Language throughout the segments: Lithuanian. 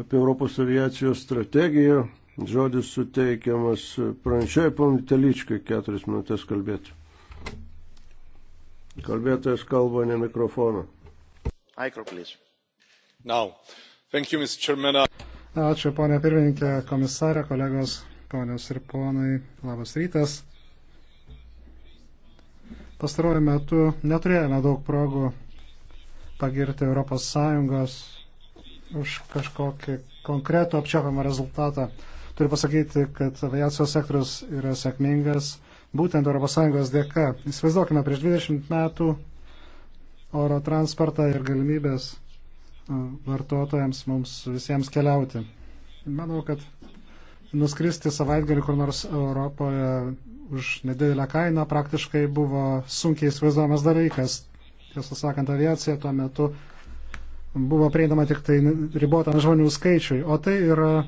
apie Europos aviacijos strategiją. Žodis suteikiamas pranešėjai ponui Teličkai keturias minutės kalbėti. Kalbėtojas kalba ne mikrofoną. Micro, you, Ačiū, ponė pirmininkė, komisarė, kolegos, ponios ir ponai, labas rytas. Pastaruoju metu neturėjome daug progų pagirti ES už kažkokį konkretų apčiopiamą rezultatą. Turiu pasakyti, kad aviacijos sektorius yra sėkmingas būtent ES dėka. Įsivaizduokime, prieš 20 metų oro transportą ir galimybės vartotojams mums visiems keliauti. Manau, kad nuskristi savaitgalį kur nors Europoje už nedidelę kainą praktiškai buvo sunkiai įsivaizduojamas dalykas. Tiesą sakant, aviacija tuo metu buvo prieinama tik tai ribotam žmonių skaičiui, o tai yra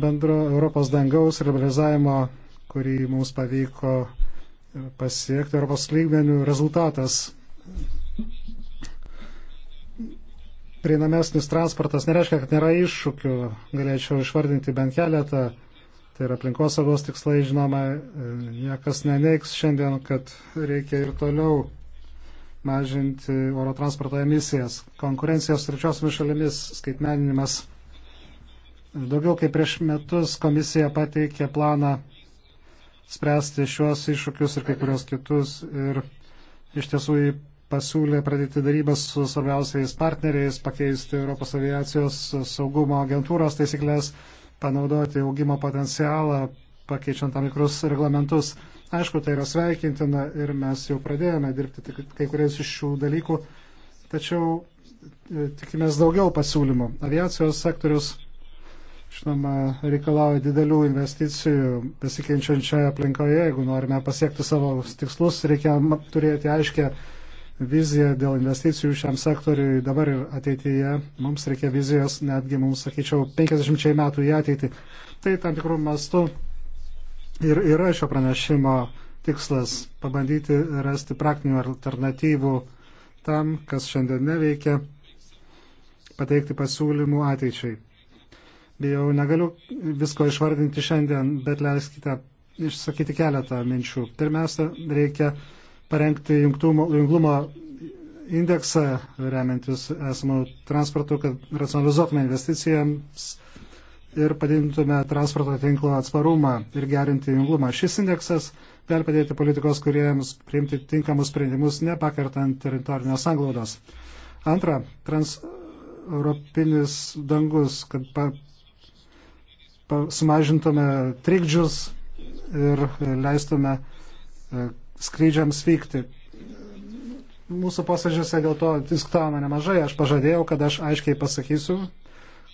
bendro Europos dangaus liberalizavimo, kurį mums pavyko pasiekti Europos lygmenių rezultatas. Prieinamesnis transportas nereiškia, kad nėra iššūkių, galėčiau išvardinti bent keletą. Tai yra aplinkosaugos tikslai, žinoma, e, niekas neneiks šiandien, kad reikia ir toliau mažinti oro transporto emisijas. Konkurencijos trečiosiomis šalimis skaitmeninimas. Daugiau kaip prieš metus komisija pateikė planą spręsti šiuos iššūkius ir kai kurios kitus ir iš tiesų jį pasiūlė pradėti darybas su svarbiausiais partneriais, pakeisti Europos aviacijos saugumo agentūros taisyklės, panaudoti augimo potencialą, pakeičiant tam tikrus reglamentus. Aišku, tai yra sveikintina ir mes jau pradėjome dirbti kai kuriais iš šių dalykų, tačiau e, tikimės daugiau pasiūlymų. Aviacijos sektorius, žinoma, reikalauja didelių investicijų besikeičiančioje aplinkoje. Jeigu norime pasiekti savo tikslus, reikia turėti aiškę viziją dėl investicijų šiam sektoriui dabar ir ateityje. Mums reikia vizijos netgi, mums sakyčiau, 50 metų į ateitį. Tai tam tikrų mastų Ir yra šio pranešimo tikslas pabandyti rasti praktinių alternatyvų tam, kas šiandien neveikia, pateikti pasiūlymų ateičiai. Bijau, negaliu visko išvardinti šiandien, bet leiskite išsakyti keletą minčių. Pirmiausia, reikia parengti jungtumo, junglumo indeksą remiantis esamų transportų, kad racionalizuotume investicijams ir padidintume transporto tinklo atsparumą ir gerinti junglumą. Šis indeksas gali padėti politikos kuriems priimti tinkamus sprendimus, nepakartant teritorinės sanglaudos. Antra, transeuropinis dangus, kad pa, pa, sumažintume trikdžius ir leistume e, skrydžiams vykti. Mūsų posėdžiuose dėl to diskutavome nemažai. Aš pažadėjau, kad aš aiškiai pasakysiu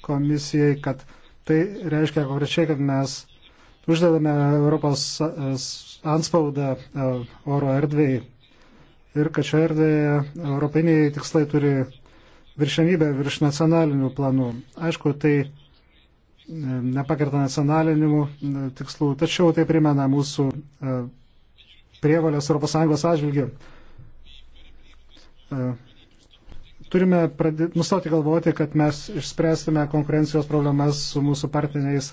komisijai, kad Tai reiškia konkrečiai, kad mes uždedame Europos e, anspaudą e, oro erdvėjai ir kad šioje erdvėje europiniai tikslai turi viršenybę virš nacionalinių planų. Aišku, tai e, nepakerta nacionalinių tikslų, tačiau tai primena mūsų prievalės ES atžvilgių turime pradė, nustoti galvoti, kad mes išspręstume konkurencijos problemas su mūsų partneriais, e,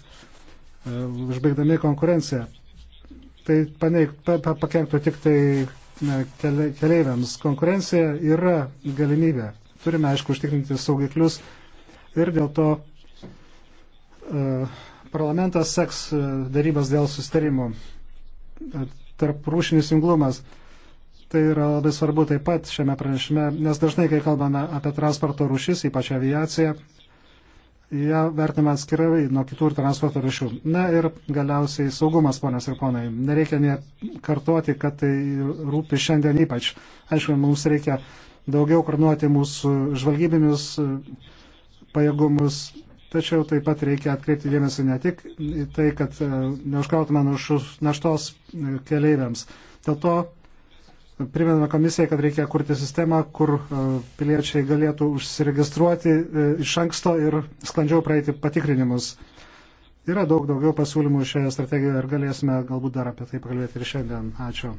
užbaigdami konkurenciją. Tai paneik, pa, pa, pakenktų tik tai keleiviams. Konkurencija yra galimybė. Turime, aišku, užtikrinti saugiklius ir dėl to uh, parlamentas seks e, darybas dėl sustarimų. Tarp rūšinis singlumas. Uh, Tai yra labai svarbu taip pat šiame pranešime, nes dažnai, kai kalbame apie transporto rušis, ypač aviaciją, ją vertiname atskirai nuo kitų transporto rušių. Na ir galiausiai saugumas, ponės ir ponai. Nereikia ne kartuoti, kad tai rūpi šiandien ypač. Aišku, mums reikia daugiau karnuoti mūsų žvalgybinius pajėgumus, tačiau taip pat reikia atkreipti dėmesį ne tik į tai, kad e, neužkrautume naštos e, keleiviams. Dėl to primename komisijai, kad reikia kurti sistemą, kur e, piliečiai galėtų užsiregistruoti e, iš anksto ir sklandžiau praeiti patikrinimus. Yra daug daugiau pasiūlymų šioje strategijoje ir galėsime galbūt dar apie tai pakalbėti ir šiandien. Ačiū.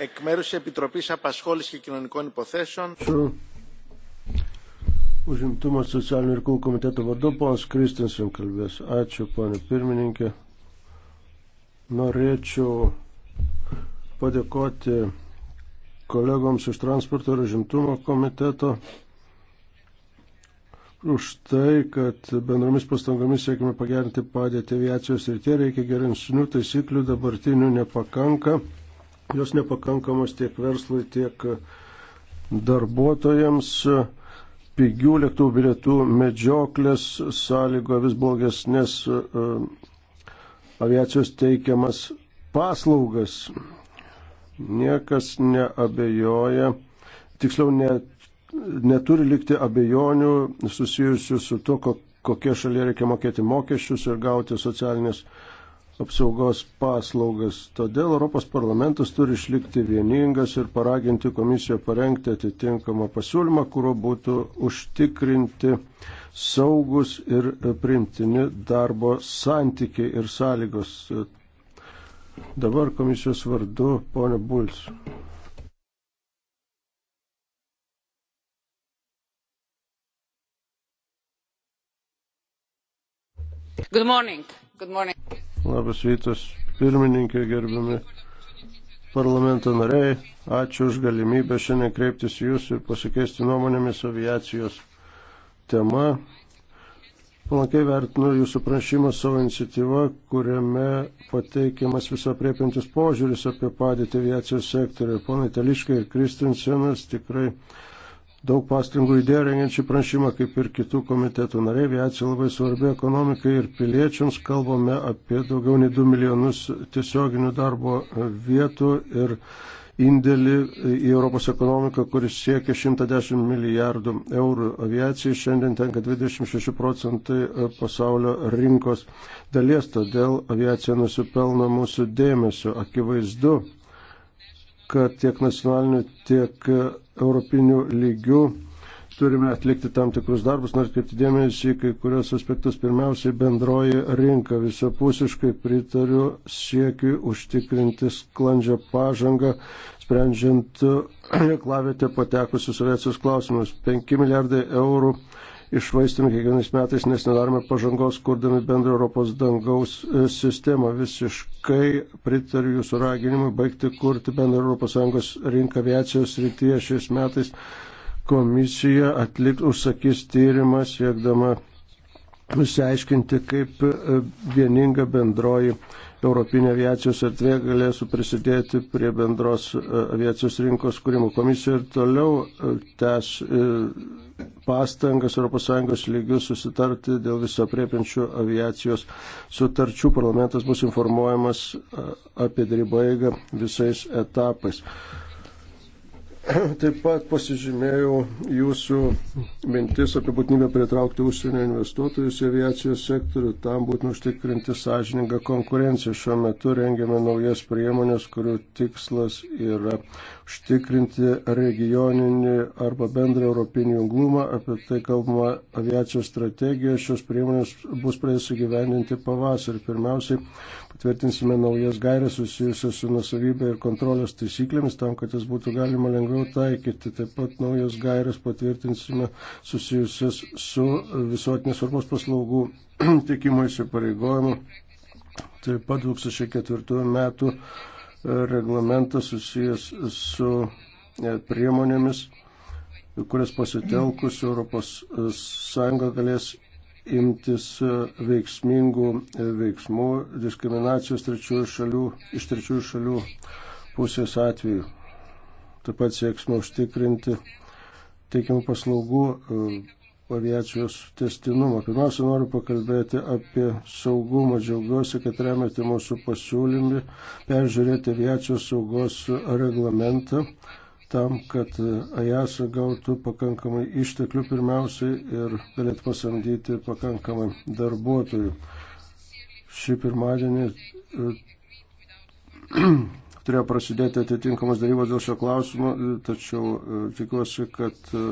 Εκ μέρους της Επιτροπής Απασχόλησης και Κοινωνικών Υποθέσεων. Užimtumo socialinių reikalų komiteto vadu ponas Kristinsen kalbės. Ačiū, ponė pirmininkė. Norėčiau padėkoti kolegoms iš transporto ir žimtumo komiteto už tai, kad bendromis pastangomis siekime pagerinti padėtį aviacijos ir tie reikia gerinsnių taisyklių, dabartinių nepakanka. Jos nepakankamos tiek verslui, tiek darbuotojams pigių lėktuvų bilietų medžioklės sąlygo vis blogesnės e, aviacijos teikiamas paslaugas. Niekas neabejoja, tiksliau ne, neturi likti abejonių susijusių su to, kokie šalia reikia mokėti mokesčius ir gauti socialinės apsaugos paslaugas. Todėl Europos parlamentas turi išlikti vieningas ir paraginti komisiją parengti atitinkamą pasiūlymą, kurio būtų užtikrinti saugus ir primtini darbo santykiai ir sąlygos. Dabar komisijos vardu ponė Buls. Good morning. Good morning. Labas rytas, pirmininkė, gerbiami parlamento nariai. Ačiū už galimybę šiandien kreiptis jūs ir pasikeisti nuomonėmis aviacijos tema. Palankiai vertinu jūsų prašymą savo iniciatyvą, kuriame pateikiamas viso priepintis požiūris apie padėtį aviacijos sektoriuje. Ponai Teliškai ir Kristinsenas tikrai daug pastangų įdėjo rengiančią prašymą, kaip ir kitų komitetų nariai. Aviacija labai svarbi ekonomikai ir piliečiams. Kalbame apie daugiau nei 2 milijonus tiesioginių darbo vietų ir indėlį į Europos ekonomiką, kuris siekia 110 milijardų eurų. Aviacijai šiandien tenka 26 procentai e, pasaulio rinkos dalies, todėl aviacija nusipelno mūsų dėmesio. Akivaizdu, kad tiek nacionaliniu, tiek e, europiniu lygiu turime atlikti tam tikrus darbus, nors kaip dėmesį kai kurios aspektus pirmiausiai bendroji rinka. Visapusiškai pritariu siekiu užtikrinti sklandžią pažangą, sprendžiant klavėte patekusius aviacijos klausimus. 5 milijardai eurų išvaistame kiekvienais metais, nes nedarome pažangos, kurdami bendrą Europos dangaus e, sistemą. Visiškai pritariu jūsų raginimui baigti kurti bendrą ES rinką aviacijos rytyje šiais metais komisija atlik, užsakys tyrimą siekdama nusiaiškinti, kaip e, vieninga bendroji Europinė aviacijos erdvė galėsų prisidėti prie bendros e, aviacijos rinkos kūrimo komisija ir toliau e, tęs pastangas ES lygių susitarti dėl viso priepiančių aviacijos sutarčių. Parlamentas bus informuojamas apie darybą eigą visais etapais. Taip pat pasižymėjau jūsų mintis apie būtinybę pritraukti užsienio investuotojus į aviacijos sektorių, tam būtina užtikrinti sąžiningą konkurenciją. Šiuo metu rengiame naujas priemonės, kurių tikslas yra užtikrinti regioninį arba bendrą europinį junglumą. Apie tai kalbama aviacijos strategija. Šios priemonės bus pradės įgyvendinti pavasarį. Pirmiausiai patvirtinsime naujas gairias susijusias su nusavybė ir kontrolės taisyklėmis, tam, kad jas būtų galima lengviau toliau taikyti. Taip pat naujas gairias patvirtinsime susijusias su visuotinės svarbos paslaugų teikimo įsipareigojimu. Taip pat 2004 metų e, reglamentas susijęs su e, priemonėmis, kurias pasitelkus ES e, galės imtis veiksmingų veiksmų diskriminacijos trečiųjų šalių, iš trečiųjų šalių pusės atveju. Taip pat sieksime užtikrinti teikiamų paslaugų e, aviacijos testinumą. Pirmiausia, noriu pakalbėti apie saugumą. Džiaugiuosi, kad remiate mūsų pasiūlymį peržiūrėti aviacijos saugos reglamentą tam, kad AJASA e gautų pakankamai išteklių pirmiausiai ir galėtų pasamdyti pakankamai darbuotojų. Šį pirmadienį e, turėjo prasidėti atitinkamos darybos dėl šio klausimo, tačiau e, tikiuosi, kad e,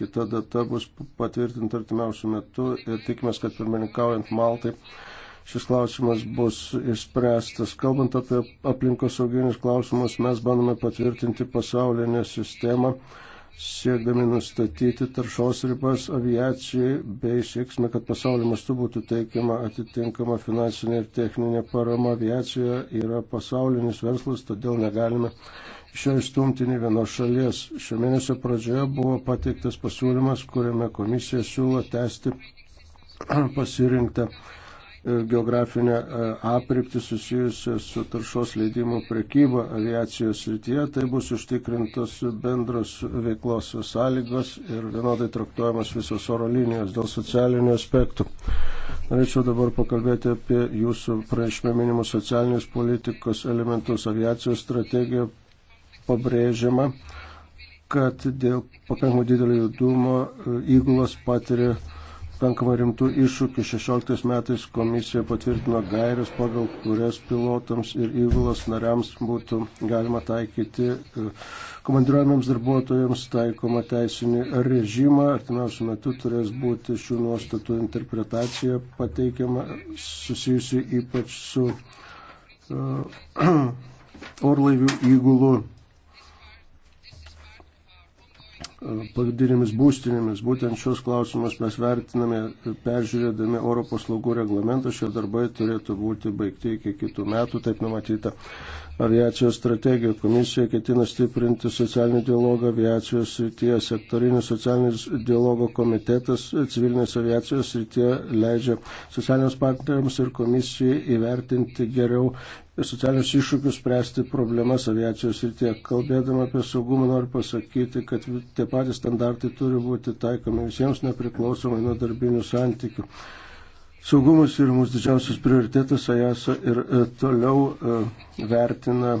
kita data bus patvirtinta artimiausių metų ir tikimės, kad pirmininkaujant Maltai šis klausimas bus išspręstas. Kalbant apie aplinkosauginius klausimus, mes bandome patvirtinti pasaulinę sistemą siekdami nustatyti taršos ribas aviacijai bei sieksime, kad pasaulio mastu būtų teikiama atitinkama finansinė ir techninė parama. Aviacija yra pasaulinis verslas, todėl negalime iš jo įstumti nei vienos šalies. Šio mėnesio pradžioje buvo pateiktas pasiūlymas, kuriame komisija siūlo tęsti pasirinktą geografinę e, apriptį susijusią su taršos leidimo prekyba aviacijos srityje. Tai bus užtikrintos bendros veiklos sąlygos ir vienodai traktuojamas visos oro linijos dėl socialinių aspektų. Norėčiau dabar pakalbėti apie jūsų praešmė minimus socialinės politikos elementus. Aviacijos strategija pabrėžiama, kad dėl pakankamai didelio judumo e, įgulos patiria pankama rimtų iššūkių. 16 metais komisija patvirtino gairius, pagal kurias pilotams ir įgulos nariams būtų galima taikyti e, komandiruojamiams darbuotojams taikomą teisinį režimą. Artimiausiu metu turės būti šių nuostatų interpretacija pateikiama susijusi ypač su uh, orlaivių įgulų pagrindinėmis būstinėmis. Būtent šios klausimus mes vertiname peržiūrėdami oro paslaugų reglamentą. Šie darbai turėtų būti baigti iki kitų metų, taip numatyta. Aviacijos strategija komisija ketina stiprinti socialinį dialogą aviacijos srityje. Sektorinis socialinis dialogo komitetas civilinės aviacijos srityje leidžia socialiniams partneriams ir komisijai įvertinti geriau ir socialinius iššūkius spręsti problemas aviacijos ir tiek. Kalbėdama apie saugumą noriu pasakyti, kad tie patys standartai turi būti taikomi visiems nepriklausomai nuo darbinių santykių. Saugumas yra mūsų didžiausias prioritetas, AJASA e ir e, toliau e, vertina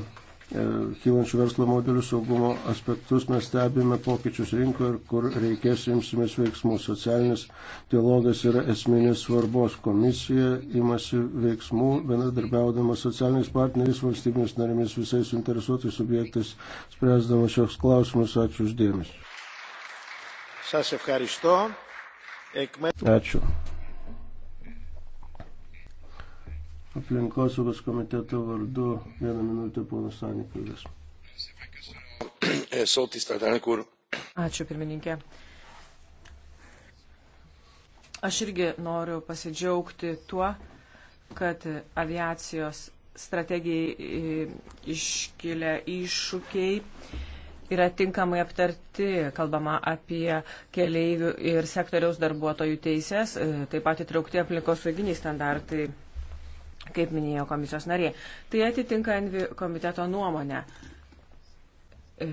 E, kylančių verslo modelių saugumo aspektus mes stebime pokyčius rinkoje ir kur reikės imsimės veiksmų. Socialinis dialogas yra esminės svarbos. Komisija imasi veiksmų, bendradarbiaudama socialiniais partneriais, valstybėmis narėmis, visais suinteresuotais subjektais, spręsdama šios klausimus. Ačiū uždėmesi. Ačiū. aplinkosaugos komiteto vardu vieną minutę ponas Sanikalvis. Ačiū pirmininkė. Aš irgi noriu pasidžiaugti tuo, kad aviacijos strategijai e, iškilę iššūkiai yra tinkamai aptarti, kalbama apie keleivių ir sektoriaus darbuotojų teises, e, taip pat įtraukti aplinkos sauginiai standartai kaip minėjo komisijos narė. Tai atitinka Envi komiteto nuomonę. E,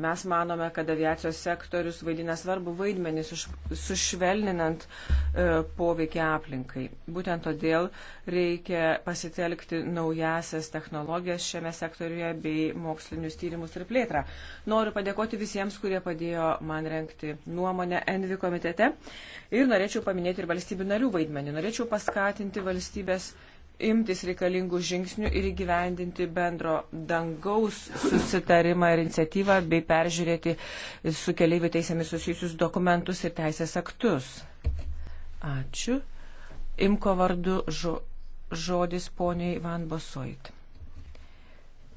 mes manome, kad aviacijos sektorius vaidina svarbu vaidmenį sušvelninant e, poveikį aplinkai. Būtent todėl reikia pasitelkti naujasias technologijas šiame sektoriuje bei mokslinius tyrimus ir plėtrą. Noriu padėkoti visiems, kurie padėjo man renkti nuomonę Envi komitete ir norėčiau paminėti ir valstybių narių vaidmenį. Norėčiau paskatinti valstybės imtis reikalingų žingsnių ir įgyvendinti bendro dangaus susitarimą ir iniciatyvą bei peržiūrėti su keliaivių teisėmis susijusius dokumentus ir teisės aktus. Ačiū. Imko vardu žo, žodis poniai Van Bosoit.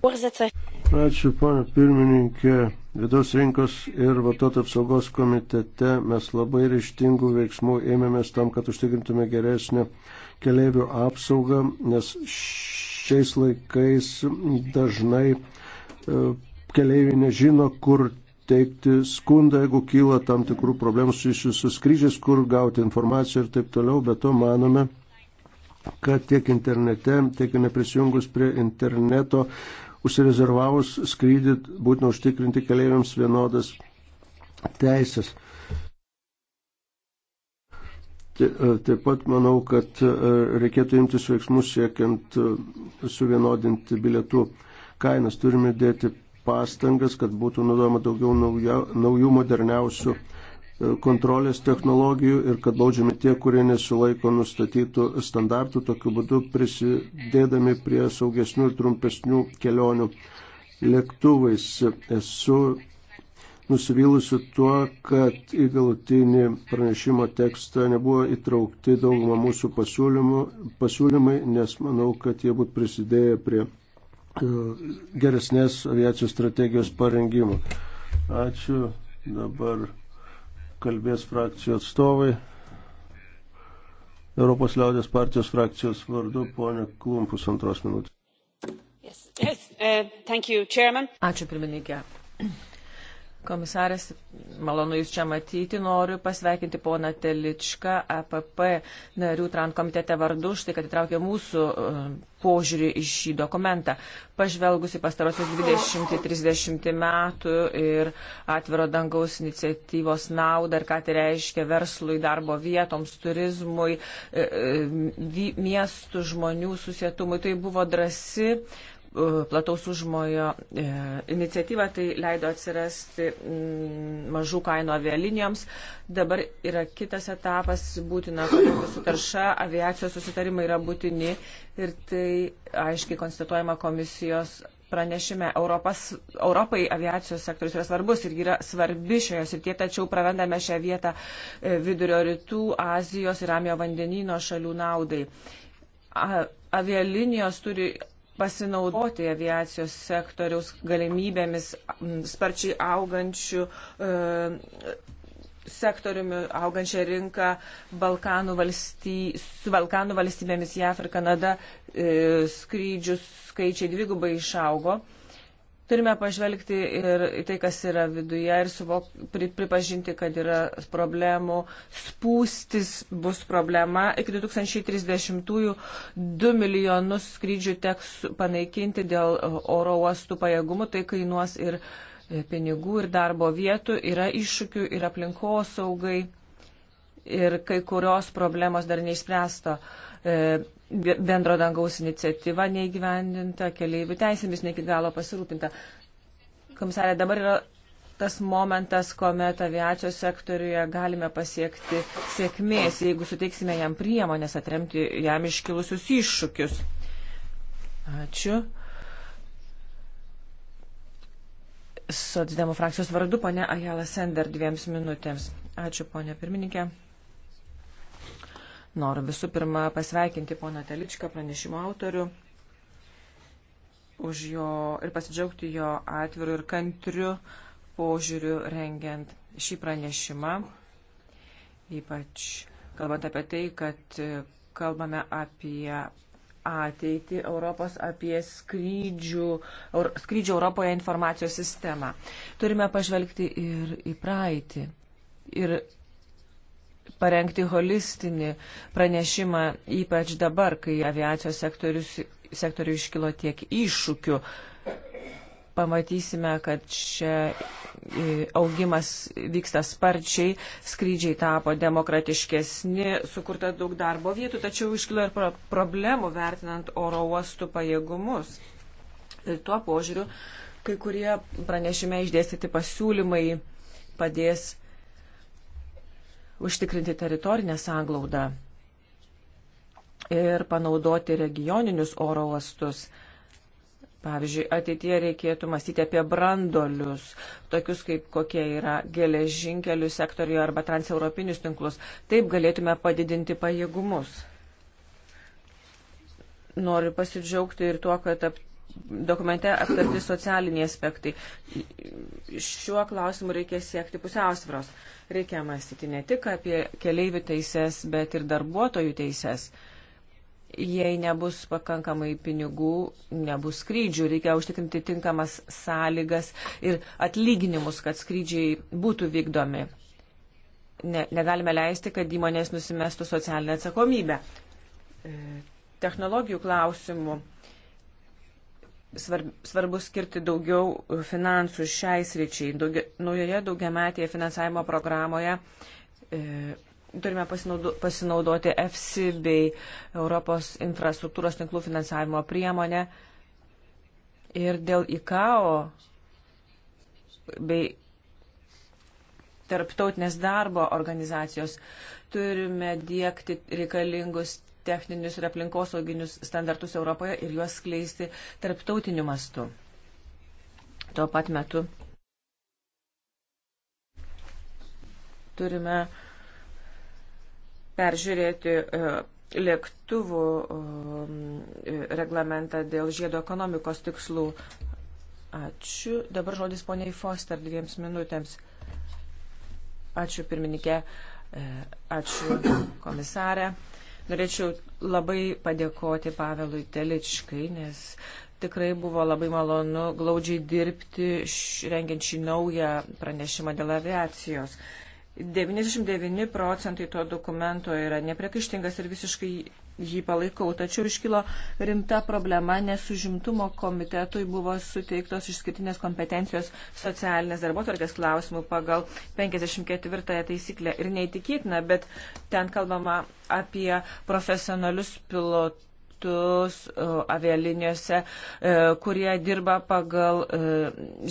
Ačiū, ponė pirmininkė. Vidaus rinkos ir vartotojų apsaugos komitete mes labai ryštingų veiksmų ėmėmės tam, kad užtikrintume geresnę keliaivių apsaugą, nes šiais laikais dažnai e, keliaiviai nežino, kur teikti skundą, jeigu kyla tam tikrų problemų susijusių su skrydžiais, kur gauti informaciją ir taip toliau, bet to manome, kad tiek internete, tiek neprisijungus prie interneto, užsirezervavus skrydį, būtina užtikrinti keliaiviams vienodas teisės. E, taip pat manau, kad e, reikėtų imtis veiksmus siekiant e, suvienodinti bilietų kainas. Turime dėti pastangas, kad būtų naudojama daugiau nauja, naujų moderniausių kontrolės technologijų ir kad baudžiami tie, kurie nesilaiko nustatytų standartų, tokiu būdu prisidėdami prie saugesnių ir trumpesnių kelionių lėktuvais. Esu nusivylusi tuo, kad į galutinį pranešimo tekstą nebuvo įtraukti daugumą mūsų pasiūlymai, nes manau, kad jie būtų prisidėję prie e, geresnės aviacijos strategijos parengimo. Ačiū. Dabar kalbės frakcijų atstovai. Europos liaudės partijos frakcijos vardu ponė Klumpus antros minutės. Yes, yes, uh, you, Ačiū pirmininkė Komisarės, malonu Jūs čia matyti. Noriu pasveikinti poną Teličką, APP narių TRAN komitete vardu, štai kad įtraukė mūsų um, požiūrį į šį dokumentą. Pažvelgusi pastarosius 20-30 metų ir atviro dangaus iniciatyvos naudą ir ką tai reiškia verslui, darbo vietoms, turizmui, e, e, miestų žmonių susietumui, tai buvo drasi E, plataus užmojo e, iniciatyva, tai leido atsirasti mm, mažų kainų avialinijoms. Dabar yra kitas etapas, būtina kovoti su tarša, aviacijos susitarimai yra būtini ir tai aiškiai konstatuojama komisijos. Pranešime, Europas, Europai aviacijos sektorius yra svarbus ir yra svarbi šioje srityje, tačiau prarandame šią vietą e, vidurio rytų, Azijos ir Ramio vandenino šalių naudai avialinijos turi pasinaudoti aviacijos sektoriaus galimybėmis sparčiai augančių e, sektoriumi augančią rinką Balkanų valsty, su Balkanų valstybėmis JAF ir Kanada e, skrydžių skaičiai dvigubai išaugo. E, Turime pažvelgti ir tai, kas yra viduje ir suvok, pri, pripažinti, kad yra problemų. Spūstis bus problema. Iki 2030-ųjų 2 milijonus skrydžių teks panaikinti dėl oro uostų pajėgumų. Tai kainuos ir pinigų, ir darbo vietų, yra iššūkių, ir aplinkosaugai. Ir kai kurios problemos dar neišspręsto. E, bendro dangaus iniciatyva neįgyvendinta, keliaivių teisėmis ne iki galo pasirūpinta. Komisarė, dabar yra tas momentas, kuomet aviacijos sektoriuje galime pasiekti sėkmės, jeigu suteiksime jam priemonės atremti jam iškilusius iššūkius. Ačiū. Socdemų frakcijos vardu, ponia Ajala Sender, dviems minutėms. Ačiū, ponia pirmininkė. Noriu visų pirma pasveikinti poną Teličką pranešimo autorių už jo ir pasidžiaugti jo atviru ir kantriu požiūriu rengiant šį pranešimą. Ypač kalbant apie tai, kad kalbame apie ateitį Europos, apie skrydžių, skrydžių Europoje informacijos sistemą. Turime pažvelgti ir į praeitį. Ir parengti holistinį pranešimą, ypač dabar, kai aviacijos sektoriui iškilo tiek iššūkių. Pamatysime, kad čia e, augimas vyksta sparčiai, skrydžiai tapo demokratiškesni, sukurta daug darbo vietų, tačiau iškilo ir pro problemų vertinant oro uostų pajėgumus. Ir tuo požiūriu, kai kurie pranešime išdėstyti pasiūlymai padės užtikrinti teritorinę sanglaudą ir panaudoti regioninius oro uostus. Pavyzdžiui, ateitie reikėtų mąstyti apie brandolius, tokius kaip kokie yra geležinkelių sektorijoje arba transeuropinius tinklus. Taip galėtume padidinti pajėgumus. Noriu pasidžiaugti ir tuo, kad dokumente aptarti socialiniai aspektai. Šiuo klausimu reikia siekti pusiausvros. Reikia mąstyti ne tik apie keleivių teises, bet ir darbuotojų teises. Jei nebus pakankamai pinigų, nebus skrydžių, reikia užtikrinti tinkamas sąlygas ir atlyginimus, kad skrydžiai būtų vykdomi. Ne, negalime leisti, kad įmonės nusimestų socialinę atsakomybę. E, technologijų klausimų. E, svarb, svarbu skirti daugiau finansų šiai sričiai. Daugia, naujoje daugiametėje finansavimo programoje e, turime pasinaudo, pasinaudoti EFSI bei Europos infrastruktūros tinklų finansavimo priemonę. Ir dėl ICAO bei tarptautinės darbo organizacijos turime dėkti reikalingus techninius ir aplinkosauginius standartus Europoje ir juos skleisti tarptautiniu mastu. Tuo pat metu turime peržiūrėti e, lėktuvų e, reglamentą dėl žiedo ekonomikos tikslų. Ačiū. Dabar žodis poniai Foster dviems minutėms. Ačiū pirmininkė. E, ačiū komisarė. Norėčiau labai padėkoti Pavelui Teličkai, nes tikrai buvo labai malonu glaudžiai dirbti, rengiant šį naują pranešimą dėl aviacijos. 99 procentai to dokumento yra nepriekaištingas ir visiškai jį palaikau. Tačiau iškilo rimta problema, nes užimtumo komitetui buvo suteiktos išskirtinės kompetencijos socialinės darbotvarkės klausimų pagal 54 taisyklę. Ir neįtikėtina, bet ten kalbama apie profesionalius pilotus pilotus e, avialinijose, e, kurie dirba pagal e,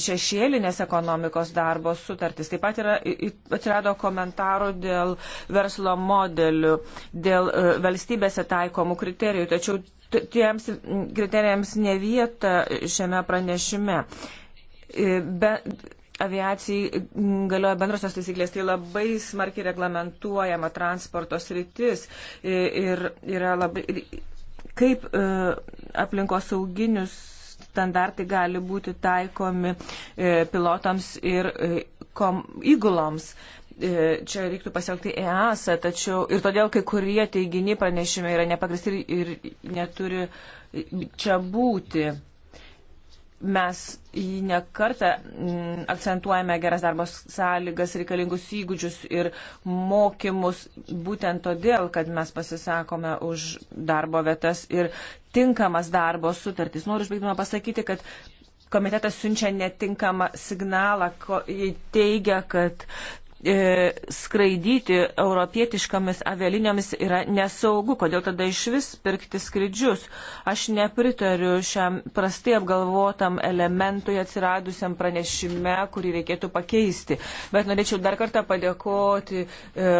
šešėlinės ekonomikos darbo sutartis. Taip pat yra, atsirado komentarų dėl verslo modelių, dėl valstybėse taikomų kriterijų, tačiau tiems kriterijams ne vieta šiame pranešime. Be, aviacijai galioja bendrosios taisyklės, tai labai smarkiai reglamentuojama transporto sritis ir yra labai. Ir, kaip e, aplinkosauginius standartai gali būti taikomi e, pilotams ir e, kom, įguloms. E, čia reiktų pasielgti EASA, tačiau ir todėl kai kurie teiginiai pranešime yra nepagristi ir, ir neturi čia būti. Mes jį nekartą mm, akcentuojame geras darbo sąlygas, reikalingus įgūdžius ir mokymus būtent todėl, kad mes pasisakome už darbo vietas ir tinkamas darbo sutartys. Noriu užbaigdama pasakyti, kad komitetas siunčia netinkamą signalą, jei teigia, kad e, skraidyti europietiškomis avialiniomis yra nesaugu, kodėl tada iš vis pirkti skrydžius. Aš nepritariu šiam prastai apgalvotam elementui atsiradusiam pranešime, kurį reikėtų pakeisti. Bet norėčiau dar kartą padėkoti e,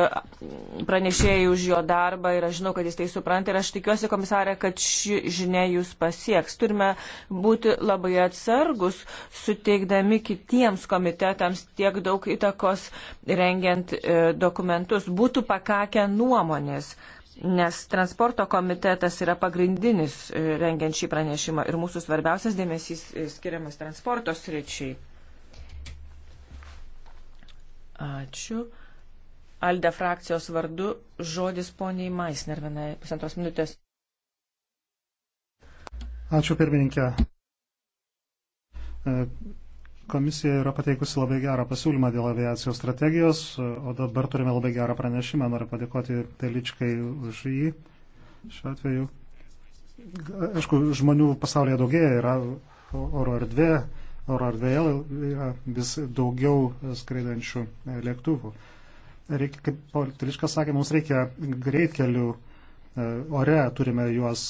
pranešėjai už jo darbą ir aš žinau, kad jis tai supranta ir aš tikiuosi, komisarė, kad ši žinia jūs pasieks. Turime būti labai atsargus, suteikdami kitiems komitetams tiek daug įtakos rengiant e, dokumentus. Būtų pakakę nuomonės, nes transporto komitetas yra pagrindinis e, rengiant šį pranešimą ir mūsų svarbiausias dėmesys e, skiriamas transporto sričiai. Ačiū. Alde frakcijos vardu žodis poniai Maisner vienai pusantros minutės. Ačiū pirmininkė. Komisija yra pateikusi labai gerą pasiūlymą dėl aviacijos strategijos, o dabar turime labai gerą pranešimą. Noriu padėkoti Teličkai už jį. Šiuo atveju, aišku, žmonių pasaulyje daugėja, yra oro erdvė, oro erdvėje yra vis daugiau skraidančių lėktuvų. Reikia, kaip Teličkas sakė, mums reikia greitkelių e, ore, turime juos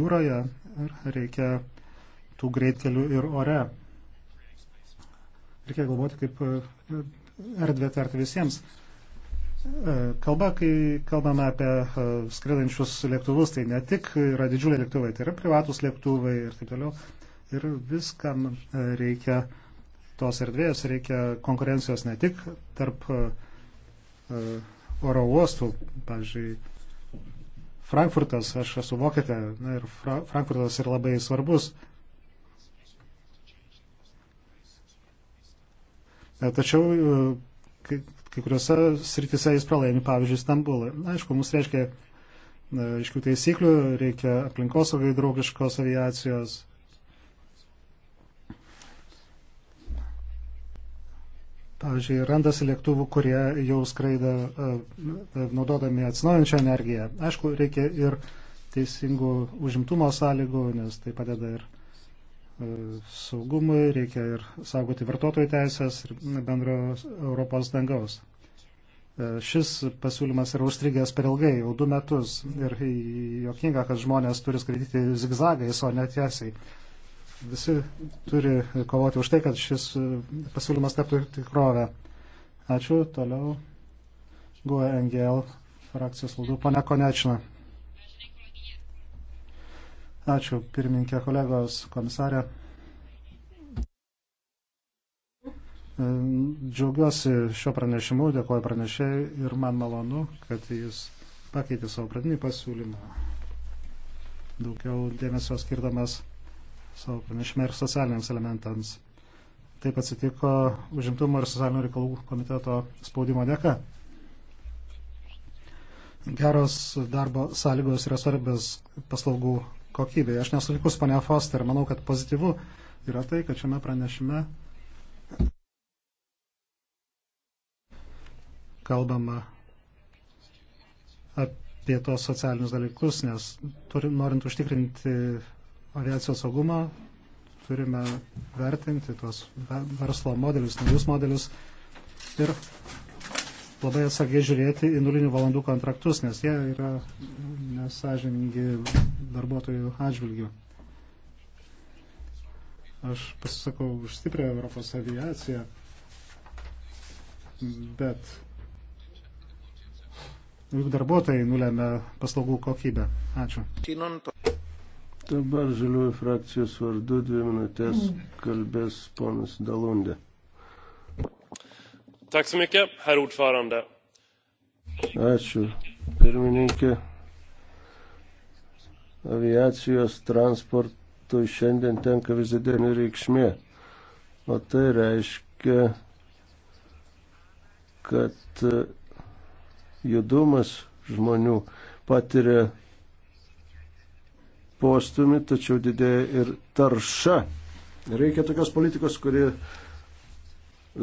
jūroje ir reikia tų greitkelių ir ore reikia galvoti, kaip e, erdvė tverti visiems. E, kalba, kai kalbame apie e, skraidančius lėktuvus, tai ne tik yra didžiuliai lėktuvai, tai yra privatus lėktuvai ir taip toliau. Ir viskam reikia tos erdvės, reikia konkurencijos ne tik tarp oro uostų, pavyzdžiui, Frankfurtas, aš esu vokietė, na ir Fra Frankfurtas yra labai svarbus E, tačiau e, kai, kai kuriuose srityse jis pralaimi, pavyzdžiui, Stambulą. Aišku, mums reiškia e, aiškių taisyklių, reikia aplinkosaugai draugiškos aviacijos. Pavyzdžiui, randasi lėktuvų, kurie jau skraida naudodami atsinaujančią energiją. Aišku, reikia ir teisingų užimtumo sąlygų, nes tai padeda ir saugumui, reikia ir saugoti vartotojų teisės ir bendro Europos dangaus. E, šis pasiūlymas yra užstrigęs per ilgai, jau du metus, ir jokinga, kad žmonės turi skraidyti zigzagais, o ne tiesiai. Visi turi kovoti už tai, kad šis pasiūlymas taptų tikrovę. Ačiū, toliau. Guo NGL frakcijos valdų, pane Konečina. Ačiū, pirmininkė kolegos komisarė. Džiaugiuosi šio pranešimu, dėkuoju pranešėjai ir man malonu, kad jis pakeitė savo pradinį pasiūlymą. Daugiau dėmesio skirdamas savo pranešime ir socialiniams elementams. Taip atsitiko užimtumo ir socialinių reikalų komiteto spaudimo dėka. Geros darbo sąlygos yra svarbios paslaugų kokybei. Aš nesutikus, ponia Foster, manau, kad pozityvu yra tai, kad šiame pranešime kalbama apie tos socialinius dalykus, nes turi, norint užtikrinti aviacijos saugumą, turime vertinti tos verslo modelius, naujus modelius ir labai atsargiai žiūrėti į nulinių valandų kontraktus, nes jie yra nesažiningi darbuotojų atžvilgių. Aš pasisakau už stiprią Europos aviaciją, bet juk darbuotojai nulėmė paslaugų kokybę. Ačiū. Dabar žaliųjų frakcijos vardu dvi minutės mm. kalbės ponas Dalundė herr talman! Ačiū, pirmininkė. Aviacijos transportui šiandien tenka vizidienė reikšmė. O tai reiškia, kad e, judumas žmonių patiria postumį, tačiau didėja ir tarša. Reikia tokios politikos, kurie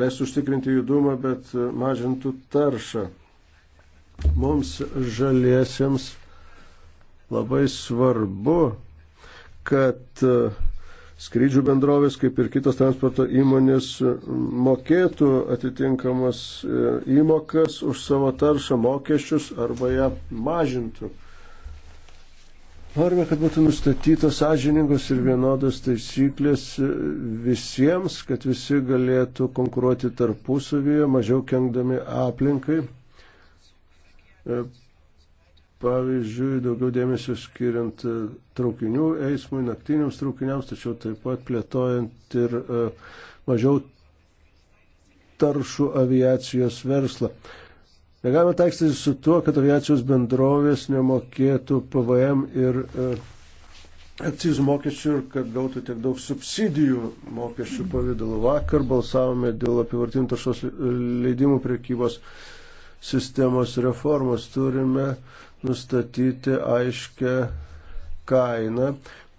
leistų užtikrinti judumą, bet mažintų taršą. Mums žaliesiems labai svarbu, kad e, skrydžių bendrovės, kaip ir kitos transporto įmonės, mokėtų atitinkamas e, įmokas už savo taršą mokesčius arba ją mažintų. Norime, kad būtų nustatytos sąžiningos ir vienodos taisyklės e, visiems, kad visi galėtų konkuruoti tarpusavyje, mažiau kenkdami aplinkai. E, pavyzdžiui, daugiau dėmesio skiriant e, traukinių eismui, naktiniams traukiniams, tačiau taip pat plėtojant ir mažiau taršų aviacijos verslą. Negalima taikstyti su tuo, kad aviacijos bendrovės nemokėtų PVM ir e, akcizų mokesčių ir kad gautų tiek daug subsidijų mokesčių pavydalu. Vakar balsavome dėl apivartinių taršos leidimų priekybos sistemos reformos. Turime nustatyti aiškę kainą,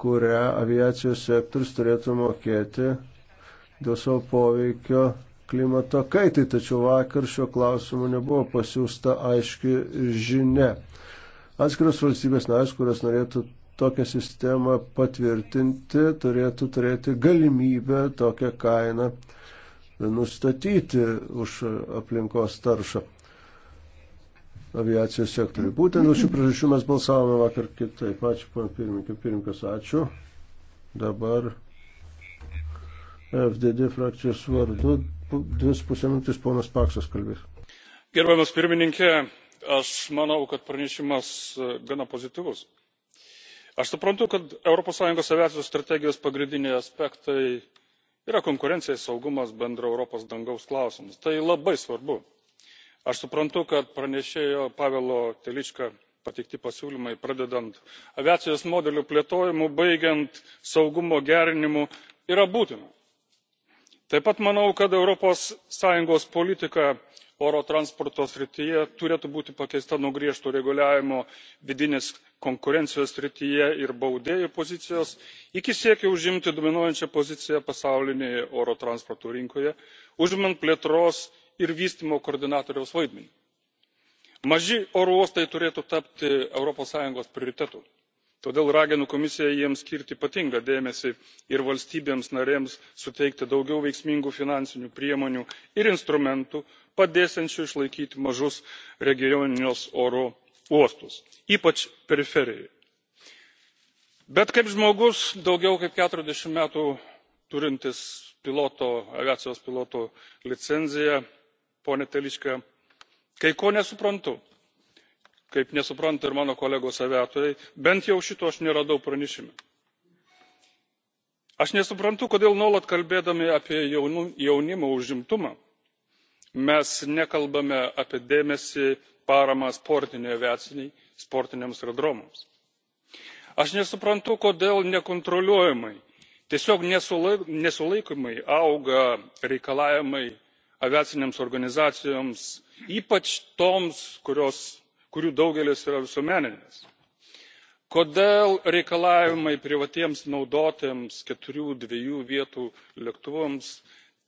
kurią aviacijos sektorius turėtų mokėti dėl savo poveikio klimato kaitai, tačiau vakar šio klausimu nebuvo pasiūsta aiški žinia. Atskiros valstybės narės, kurios norėtų tokią sistemą patvirtinti, turėtų turėti galimybę tokią kainą nustatyti už aplinkos taršą aviacijos sektoriui. Būtent dėl šių priežasčių mes balsavome vakar kitaip. Ačiū, pana pirmininkė, pirmininkas, ačiū. Dabar FDD frakcijos vardu Dvis pusė minutės ponas Paksas kalbės. Gerbiamas pirmininkė, aš manau, kad pranešimas e, gana pozityvus. Aš suprantu, kad ES aviacijos strategijos pagrindiniai aspektai yra konkurencija, saugumas, bendro Europos dangaus klausimas. Tai labai svarbu. Aš suprantu, kad pranešėjo Pavelo Teličką pateikti pasiūlymai pradedant aviacijos modelių plėtojimu baigiant saugumo gerinimu yra būtina taip pat manau kad europos sąjungos politika oro transporto srityje turėtų būti pakeista nuo griežto reguliavimo vidinės konkurencijos srityje ir baudėjų pozicijos iki siekio užimti dominuojančią poziciją pasaulinėje oro transporto rinkoje užimant plėtros ir vystymo koordinatoriaus vaidmenį. maži oro uostai turėtų tapti europos sąjungos prioritetu todėl raginu komisiją jiems skirti ypatingą dėmesį ir valstybėms narėms suteikti daugiau veiksmingų finansinių priemonių ir instrumentų padėsiančių išlaikyti mažus regioninius oro uostus ypač periferijoje. bet kaip žmogus daugiau kaip keturiasdešimt metų turintis aviacijos piloto licenciją pone telika kai ko nesuprantu kaip nesupranta ir mano kolegos aviatoriai bent jau šito aš neradau pranešime. aš nesuprantu kodėl nuolat kalbėdami apie jaunimo užimtumą mes nekalbame apie dėmesį paramą sportinei aviacijai sportiniams aerodromams. aš nesuprantu kodėl nekontroliuojamai tiesiog nesulaikomai auga reikalavimai aviacinėms organizacijoms ypač toms kurios kurių daugelis yra visuomeninės. kodėl reikalavimai privatiems naudotojams keturių dviejų vietų lėktuvams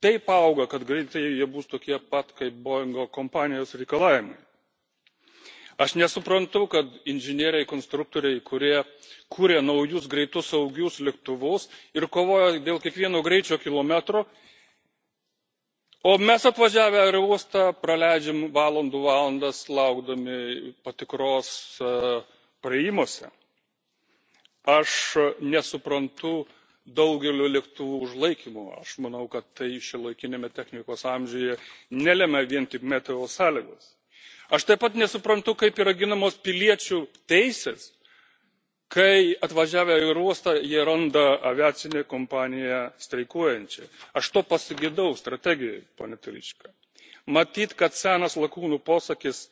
taip auga kad greitai jie bus tokie pat kaip boingo kompanijos reikalavimai? aš nesuprantu kad inžinieriai konstruktoriai kurie kuria naujus greitus saugius lėktuvus ir kovoja dėl kiekvieno greičio kilometro o mes atvažiavę į aerouostą praleidžiame valandų valandas laukdami patikros e, praėjimuose. aš nesuprantu daugelio lėktuvų užlaikymų aš manau kad tai šiuolaikiniame technikos amžiuje nelemia vien tik meteo sąlygos. aš taip pat nesuprantu kaip yra ginamos piliečių teisės kai atvažiavę į oro uostą jie randa aviacinę kompaniją streikuojančią. aš to pasigedau strategijoje pone telika. matyt kad senas lakūnų posakis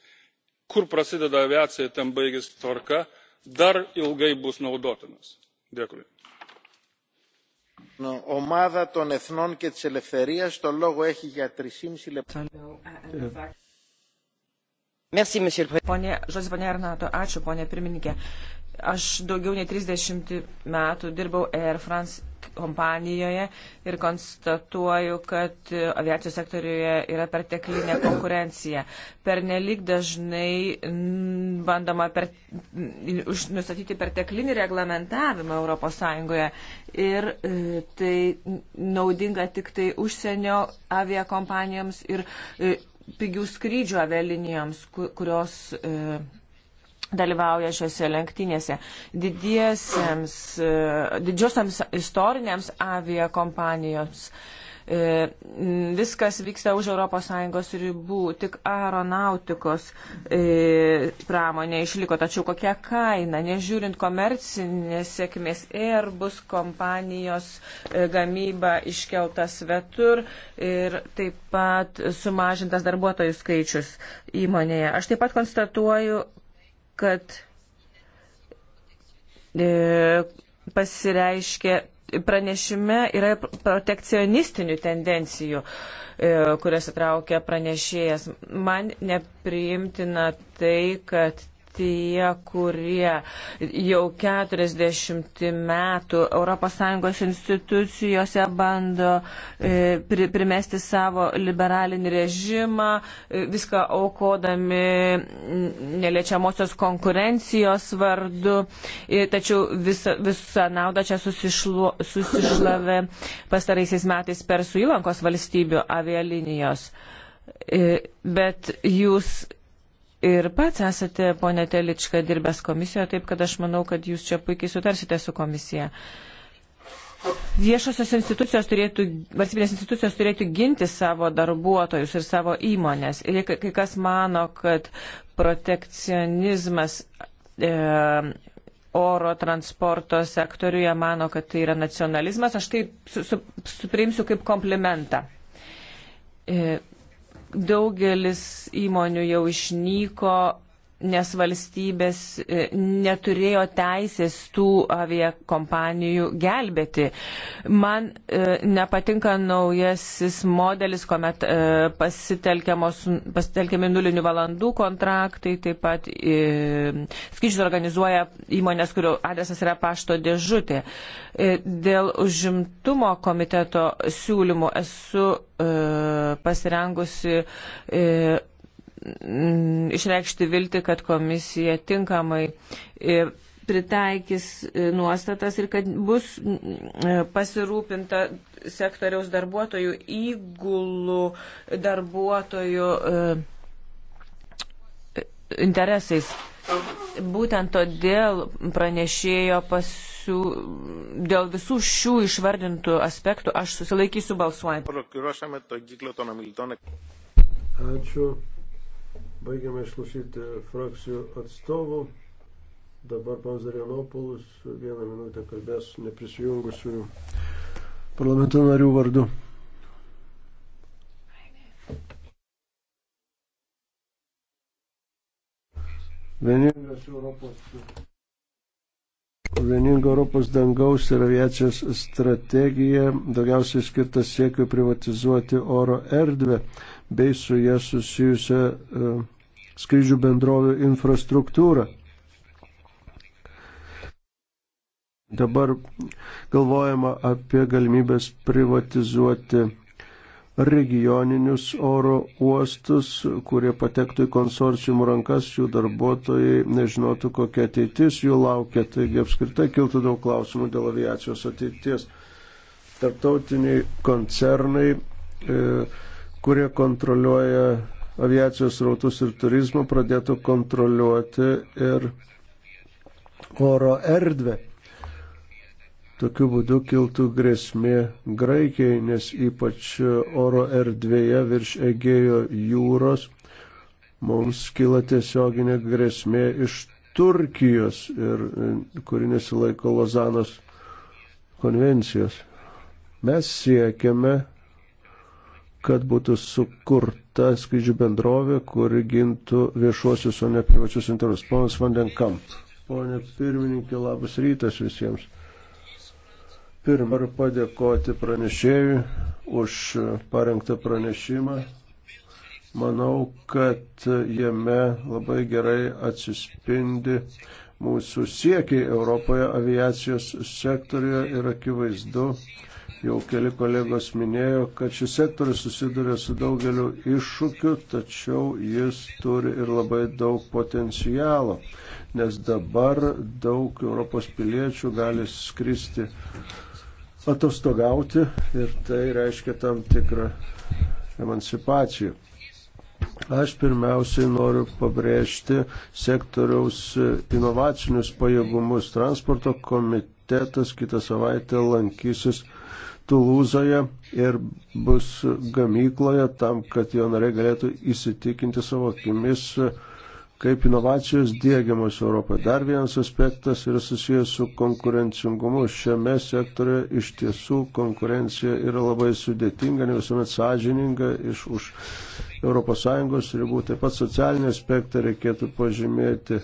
kur prasideda aviacija ten baigiasi tvarka dar ilgai bus naudotinas. dėkui. Ačiū, ponė Pirmininkė. Aš daugiau nei 30 metų dirbau Air France kompanijoje ir konstatuoju, kad e, aviacijos sektoriuje yra perteklinė konkurencija. Per nelik dažnai bandoma per, nustatyti perteklinį reglamentavimą ES ir e, tai naudinga tik tai užsienio aviakompanijoms ir e, pigių skrydžių avialinijoms, kurios dalyvauja šiuose lenktynėse. Didiesiems, e, didžiosiams istoriniams aviakompanijoms e, viskas vyksta už ES ribų, tik aeronautikos e, pramonė išliko, tačiau kokia kaina, nežiūrint komercinės sėkmės, Airbus kompanijos gamyba iškelta svetur ir taip pat sumažintas darbuotojų skaičius įmonėje. Aš taip pat konstatuoju kad e, pasireiškia pranešime yra protekcionistinių tendencijų, e, kurias atraukia pranešėjas. Man nepriimtina tai, kad tie, kurie jau 40 metų ES institucijose bando e, primesti savo liberalinį režimą, e, viską aukodami neliečiamosios konkurencijos vardu, e, tačiau visą, visą naudą čia susišlu, susišlavė pastaraisiais metais per Suilankos valstybių avialinijos. Bet jūs ir pats esate, ponė Telička, dirbęs komisijoje, taip kad aš manau, kad jūs čia puikiai sutarsite su komisija. Viešosios institucijos turėtų, valstybinės institucijos turėtų ginti savo darbuotojus ir savo įmonės. Ir kai kas mano, kad protekcionizmas e, oro transporto sektoriuje mano, kad tai yra nacionalizmas, aš tai su, su, suprimsiu kaip komplimentą. E, Daugelis įmonių jau išnyko, nes valstybės e, neturėjo teisės tų aviakompanijų gelbėti. Man e, nepatinka naujasis modelis, kuomet e, pasitelkiami nulinių valandų kontraktai, taip pat skyčius organizuoja įmonės, kurių adresas yra pašto dėžutė. Dėl užimtumo komiteto siūlymų esu pasirengusi Mm, išreikšti vilti, kad komisija tinkamai e, pritaikys e, nuostatas ir kad bus mm, e, pasirūpinta sektoriaus darbuotojų įgulų darbuotojų interesais. Būtent todėl pranešėjo pasiū... dėl visų šių išvardintų aspektų aš susilaikysiu balsuojant. Ačiū. Baigiame išklausyti frakcijų atstovų. Dabar Panzarianopoulos vieną minutę kalbės neprisijungusių parlamento narių vardu. Vieningas Europos, vieningo Europos dangaus ir aviacijos strategija daugiausiai skirta siekiu privatizuoti oro erdvę bei su jie susijusią e, skrydžių bendrovių infrastruktūrą. Dabar galvojama apie galimybės privatizuoti regioninius oro uostus, kurie patektų į konsorciumų rankas, jų darbuotojai nežinotų, kokia ateitis jų laukia, taigi apskritai kiltų daug klausimų dėl aviacijos ateities. Tarptautiniai koncernai e, kurie kontroliuoja aviacijos rautus ir turizmą, pradėtų kontroliuoti ir oro erdvę. Tokiu būdu kiltų grėsmė Graikijai, nes ypač oro erdvėje virš Egėjo jūros mums kyla tiesioginė grėsmė iš Turkijos, ir, e, kuri nesilaiko Lozanos konvencijos. Mes siekiame kad būtų sukurta skrydžių bendrovė, kuri gintų viešuosius, o ne privačius interesus. Ponas Vandenkamp. Pone pirmininkė, labas rytas visiems. Pirmą noriu padėkoti pranešėjui už parengtą pranešimą. Manau, kad jame labai gerai atsispindi mūsų siekiai Europoje aviacijos sektorijoje ir akivaizdu, jau keli kolegos minėjo, kad šis sektorius susiduria su daugeliu iššūkių, tačiau jis turi ir labai daug potencialo, nes dabar daug Europos piliečių gali skristi atostogauti ir tai reiškia tam tikrą emancipaciją. Aš pirmiausiai noriu pabrėžti sektoriaus inovacinius pajėgumus. Transporto komitetas kitą savaitę lankysis Tulūzoje ir bus gamykloje tam, kad jo nariai galėtų įsitikinti savo akimis, kaip inovacijos dėgiamos Europoje. Dar vienas aspektas yra susijęs su konkurencingumu. Šiame sektorioje iš tiesų konkurencija yra labai sudėtinga, ne visuomet sąžininga iš už ES ribų. Taip pat socialinį aspektą reikėtų pažymėti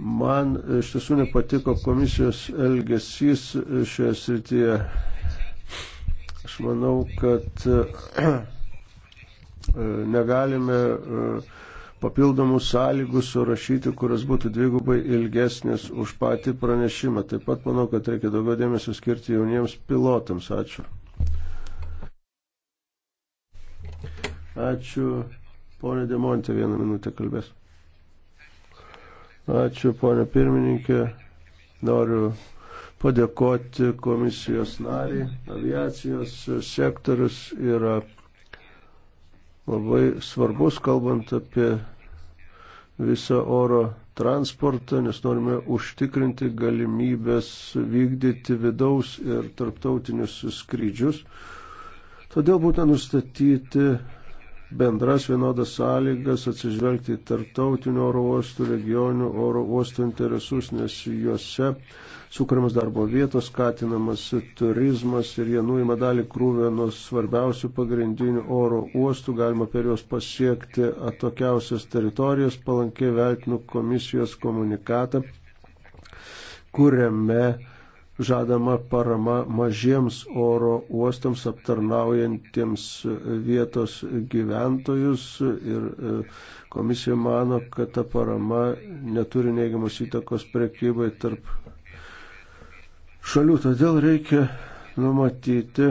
Man iš tiesų nepatiko komisijos elgesys šioje srityje. Aš manau, kad e, negalime e, papildomų sąlygų surašyti, kurios būtų dvigubai ilgesnės už patį pranešimą. Taip pat manau, kad reikia daugiau dėmesio skirti jauniems pilotams. Ačiū. Ačiū. Pone Demonte, vieną minutę kalbės. Ačiū, ponė pirmininkė. Noriu padėkoti komisijos nariai. Aviacijos sektorius yra labai svarbus, kalbant apie visą oro transportą, nes norime užtikrinti galimybės vykdyti vidaus ir tarptautinius skrydžius. Todėl būtent nustatyti bendras vienodas sąlygas atsižvelgti į tarptautinių oro uostų, regionių oro uostų interesus, nes juose sukūrimas darbo vietos, skatinamas turizmas ir jie nuima dalį krūvę nuo svarbiausių pagrindinių oro uostų, galima per juos pasiekti atokiausias teritorijas, palankiai vertinu komisijos komunikatą, kuriame žadama parama mažiems oro uostams aptarnaujantiems vietos gyventojus ir e, komisija mano, kad ta parama neturi neigiamos įtakos prekybai tarp šalių. Todėl reikia numatyti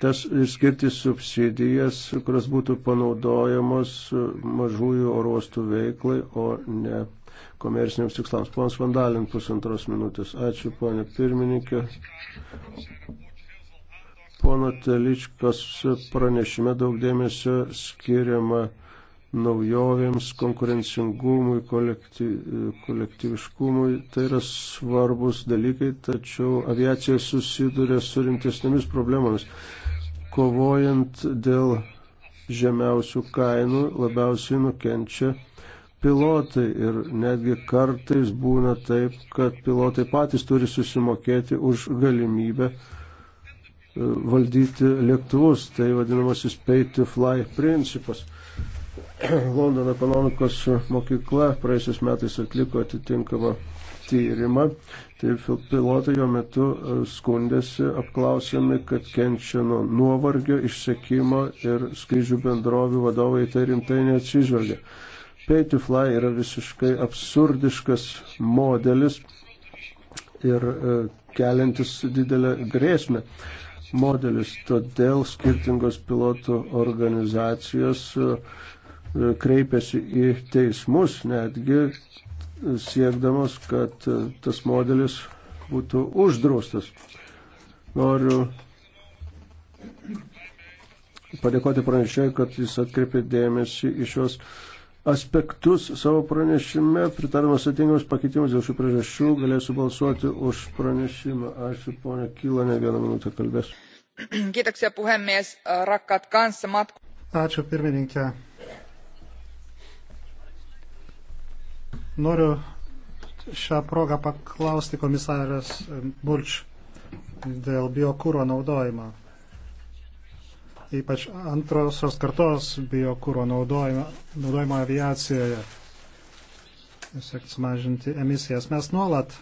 tas ir skirti subsidijas, kurios būtų panaudojamos mažųjų oro uostų veiklai, o ne komersiniams tikslams. Ponas Vandalin, pusantros minutės. Ačiū, ponė pirmininkė. Pono Teličkos pranešime daug dėmesio skiriama naujovėms, konkurencingumui, kolekty, kolektyviškumui. Tai yra svarbus dalykai, tačiau aviacija susiduria su rimtesnėmis problemomis. Kovojant dėl žemiausių kainų labiausiai nukenčia pilotai ir netgi kartais būna taip, kad pilotai patys turi susimokėti už galimybę e, valdyti lėktuvus, tai vadinamasis pay to fly principas. Londono ekonomikos mokykla praėjusiais metais atliko atitinkamą tyrimą. Tai pilotai jo metu e, skundėsi, apklausėmi, kad kenčia nuo nuovargio, išsekimo ir skrydžių bendrovių vadovai tai rimtai neatsižvelgia. Pay to fly yra visiškai absurdiškas modelis ir e, keliantis didelę grėsmę modelis. Todėl skirtingos pilotų organizacijos e, kreipiasi į teismus netgi siekdamos, kad e, tas modelis būtų uždraustas. Noriu padėkoti pranešėjai, kad jis atkreipė dėmesį į šios aspektus savo pranešime, pritardamas atingimus pakeitimus dėl šių priežasčių, galėsiu balsuoti už pranešimą. Ačiū, ponia Kyla, ne vieną minutę kalbėsiu. Kiitoksia puhemies, rakkaat kanssamat. Ačiū pirmininkė. Noriu šią progą paklausti komisarės Bulč dėl biokūro naudojimo ypač antrosios kartos biokūro naudojimo, naudojimo aviacijoje, siekti sumažinti emisijas. Mes nuolat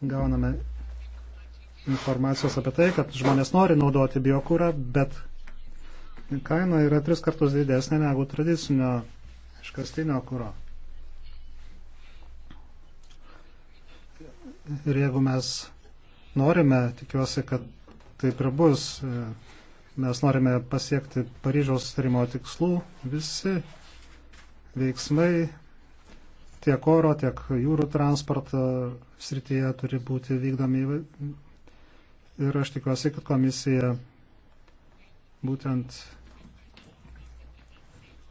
gauname informacijos apie tai, kad žmonės nori naudoti biokūrą, bet kaina yra tris kartus didesnė negu tradicinio iškastinio kūro. Ir jeigu mes norime, tikiuosi, kad taip ir bus, mes norime pasiekti Paryžiaus sutarimo tikslų, visi veiksmai tiek oro, tiek jūrų transporto srityje turi būti vykdomi. Ir aš tikiuosi, kad komisija būtent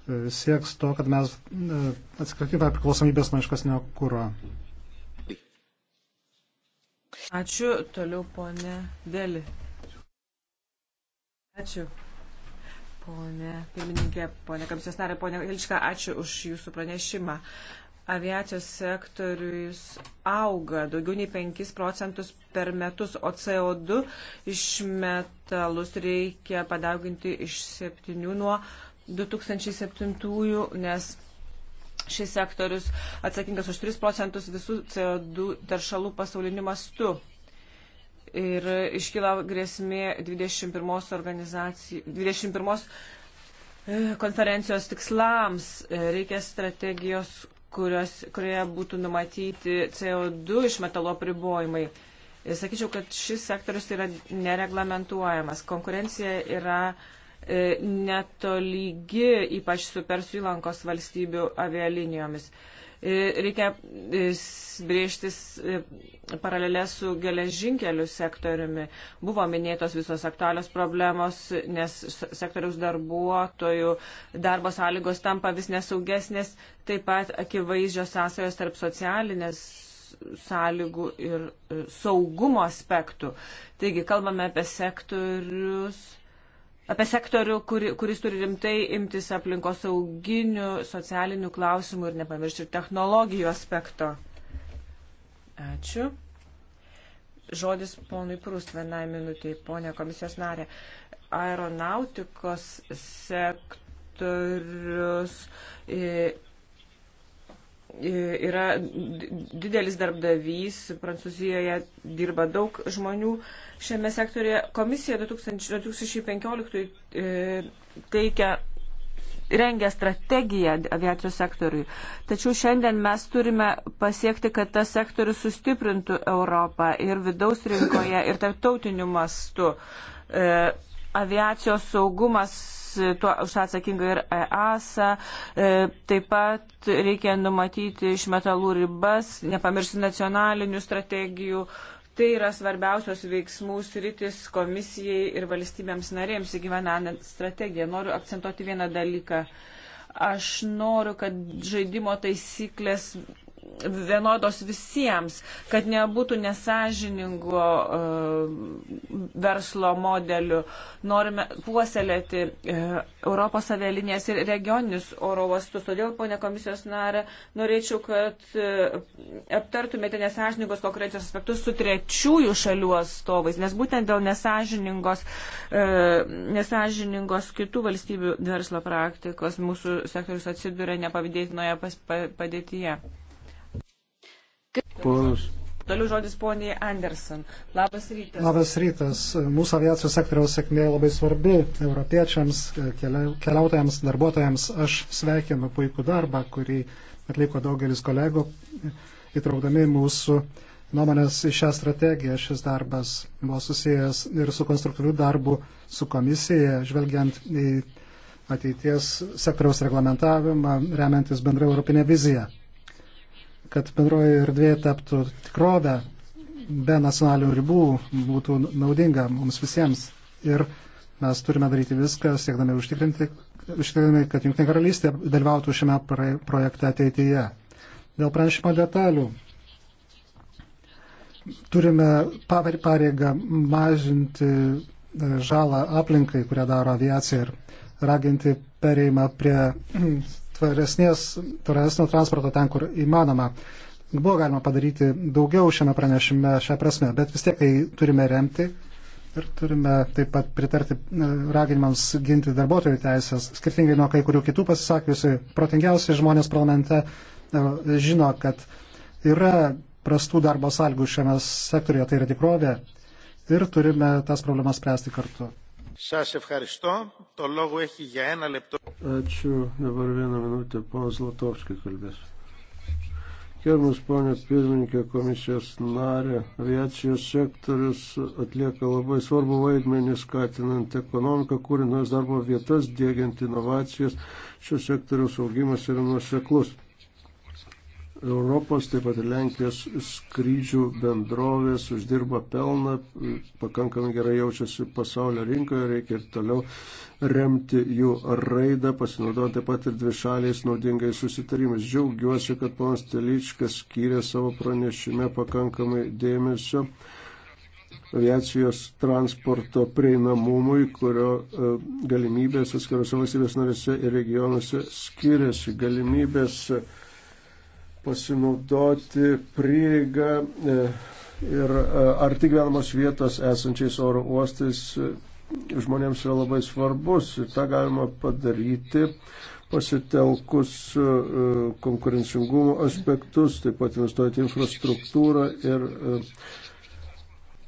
e, sieks to, kad mes e, atsikratytume priklausomybės nuo iškasnio kūro. Ačiū, toliau ponė Deli. Ačiū. Pone pirmininkė, pone komisijos narė, pone Ilčka, ačiū už jūsų pranešimą. Aviacijos sektorius auga daugiau nei 5 procentus per metus, o CO2 iš metalus reikia padauginti iš 7 nuo 2007, nes šis sektorius atsakingas už 3 procentus visų CO2 teršalų pasauliniu mastu ir iškyla grėsmė 21, 21 e, konferencijos tikslams. E, reikia strategijos, kurios, kurioje būtų numatyti CO2 išmetalo pribojimai. E, sakyčiau, kad šis sektorius yra nereglamentuojamas. Konkurencija yra netolygi, ypač su Persų įlankos valstybių avialinijomis. E, reikia e, brėžtis e, paralelę su geležinkeliu sektoriumi. Buvo minėtos visos aktualios problemos, nes sektoriaus darbuotojų darbo sąlygos tampa vis nesaugesnės, taip pat akivaizdžios sąsajos tarp socialinės sąlygų ir saugumo aspektų. Taigi kalbame apie sektorius apie sektorių, kuri, kuris turi rimtai imtis aplinkos sauginių, socialinių klausimų ir nepamiršti technologijų aspekto. Ačiū. Žodis ponui Prūst vienai minutiai, ponė komisijos narė. Aeronautikos sektorius yra didelis darbdavys, Prancūzijoje dirba daug žmonių šiame sektorėje. Komisija 2015 e, teikia rengia strategiją aviacijos sektoriui. Tačiau šiandien mes turime pasiekti, kad tas sektorius sustiprintų Europą ir vidaus rinkoje, ir tarptautiniu mastu. E, aviacijos saugumas tuo už atsakinga ir EASA. E, taip pat reikia numatyti iš metalų ribas, nepamiršti nacionalinių strategijų. Tai yra svarbiausios veiksmų sritis komisijai ir valstybėms narėms įgyvenant strategiją. Noriu akcentuoti vieną dalyką. Aš noriu, kad žaidimo taisyklės vienodos visiems, kad nebūtų nesažiningo e, verslo modelių. Norime puoselėti e, Europos avialinės ir regioninius oro uostus. Todėl, ponė komisijos narė, norėčiau, kad e, aptartumėte nesažiningos konkurencijos aspektus su trečiųjų šalių atstovais, nes būtent dėl nesažiningos, nesažiningos kitų valstybių verslo praktikos mūsų sektorius atsiduria nepavydėtinoje padėtyje. Ponas. Toliau žodis poniai Anderson. Labas rytas. Labas rytas. Mūsų aviacijos sektoriaus sėkmė labai svarbi europiečiams, keliautojams, darbuotojams. Aš sveikinu puikų darbą, kurį atliko daugelis kolegų, įtraukdami mūsų nuomonės į šią strategiją. Šis darbas buvo susijęs ir su konstruktyviu darbu su komisija, žvelgiant į ateities sektoriaus reglamentavimą, remiantis bendra europinė vizija kad bendroji erdvė taptų tikrovę be nacionalinių ribų būtų naudinga mums visiems. Ir mes turime daryti viską, siekdami užtikrinti, užtikrinti kad Junktinė karalystė dalyvautų šiame projekte ateityje. Dėl pranešimo detalių turime pareigą mažinti e, žalą aplinkai, kurią daro aviacija ir raginti pereimą prie tvaresnio transporto ten, kur įmanoma. Buvo galima padaryti daugiau šiame pranešime šią prasme, bet vis tiek tai turime remti ir turime taip pat pritarti e, raginimams ginti darbuotojų teisės. Skirtingai nuo kai kurių kitų pasisakiusių, protingiausi žmonės parlamente e, žino, kad yra prastų darbo sąlygų šiame sektoriuje, tai yra tikrovė ir turime tas problemas spręsti kartu. Ačiū. Dabar vieną minutę ponas Latovskis kalbės. Gerbiamas ponė pirmininkė, komisijos narė, aviacijos sektorius atlieka labai svarbu vaidmenį skatinant ekonomiką, kūrinant darbo vietas, dėgiant inovacijas. Šio sektoriaus augimas yra nuoseklus. Europos, taip pat Lenkijos skrydžių bendrovės uždirba pelną, pakankamai gerai jaučiasi pasaulio rinkoje, reikia ir toliau remti jų raidą, pasinaudojant taip pat ir dvišaliais naudingai susitarimais. Džiaugiuosi, kad ponas Teličkas skyrė savo pranešime pakankamai dėmesio aviacijos transporto prieinamumui, kurio e, galimybės atskirose valstybės narėse ir regionuose skiriasi. Galimybės uh, pasinaudoti prieigą e, ir e, arti gyvenamos vietos esančiais oro uostais e, žmonėms yra labai svarbus ir tą galima padaryti pasitelkus konkurencingumo aspektus, taip pat investuoti infrastruktūrą ir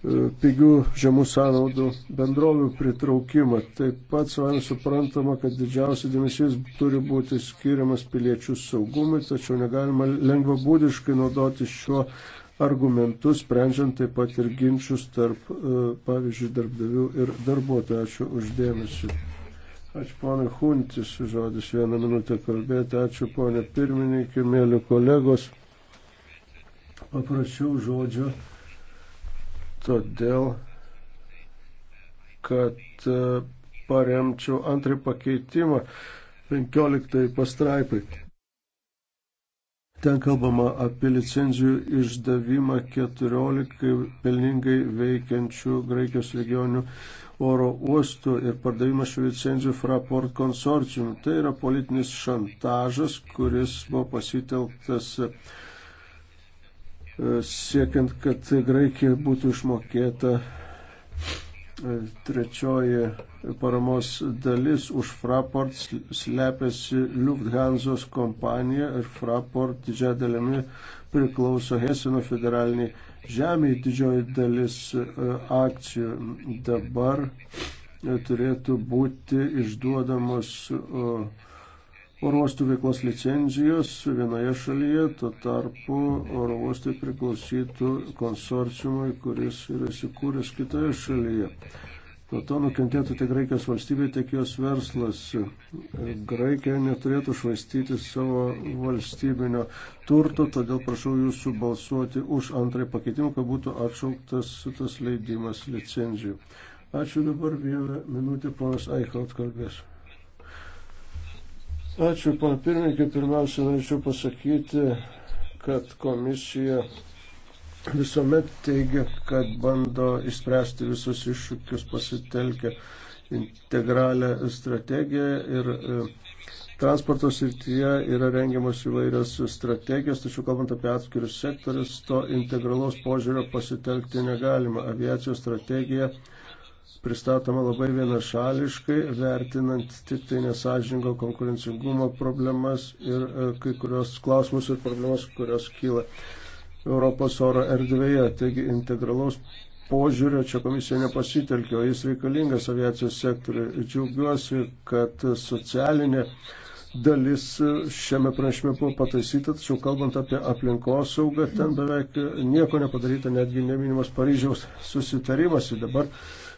E, pigių žemų sąnaudų bendrovių pritraukimą. Taip pat savai suprantama, kad didžiausia dėmesys turi būti skiriamas piliečių saugumui, tačiau negalima lengvabūdiškai naudoti šiuo argumentu, sprendžiant taip pat ir ginčius tarp, e, pavyzdžiui, darbdavių ir darbuotojų. Ačiū uždėmesi. Ačiū ponai Huntis, žodis vieną minutę kalbėti. Ačiū ponė pirmininkė, mėly kolegos. Paprašiau žodžio todėl, kad e, paremčiau antrąjį pakeitimą 15 pastraipai. Ten kalbama apie licenzijų išdavimą 14 pelningai veikiančių Graikijos regionių oro uostų ir pardavimą šių licenzijų Fraport konsorcium. Tai yra politinis šantažas, kuris buvo pasitelktas uh, siekiant, kad Graikija būtų išmokėta e, trečioji paramos dalis už Fraport slepiasi Lufthansos kompanija ir Fraport didžia dalimi priklauso Heseno federaliniai žemė didžioji dalis e, akcijų dabar e, turėtų būti išduodamos uh, oro uostų veiklos licenzijos vienoje šalyje, tuo tarpu oro uostai priklausytų konsorciumui, kuris yra įsikūręs kitoje šalyje. Nuo to nukentėtų tiek Graikijos valstybė, tiek jos verslas. Graikija neturėtų švaistyti savo valstybinio turto, todėl prašau jūsų balsuoti už antrąjį pakeitimą, kad būtų atšauktas tas leidimas licenzijų. Ačiū dabar vieną minutę, ponas Eichelt kalbės. Ačiū, pana pirmininkė. Pirmiausia, norėčiau pasakyti, kad komisija visuomet teigia, kad bando išspręsti visus iššūkius pasitelkę integralią strategiją ir e, transporto srityje yra rengiamos įvairios strategijos, tačiau kalbant apie atskirius sektorius, to integralaus požiūrio pasitelkti negalima. Aviacijos strategija pristatoma labai vienašališkai, vertinant tik tai nesažiningo konkurencingumo problemas ir e, kai kurios klausimus ir problemas, kurios kyla Europos oro erdvėje. Taigi integralaus požiūrio čia komisija nepasitelkė, o jis reikalingas aviacijos sektoriui. Džiaugiuosi, kad socialinė dalis šiame pranešime buvo pataisyta, tačiau kalbant apie aplinkosaugą, ten beveik nieko nepadaryta, netgi neminimas Paryžiaus susitarimas. Dabar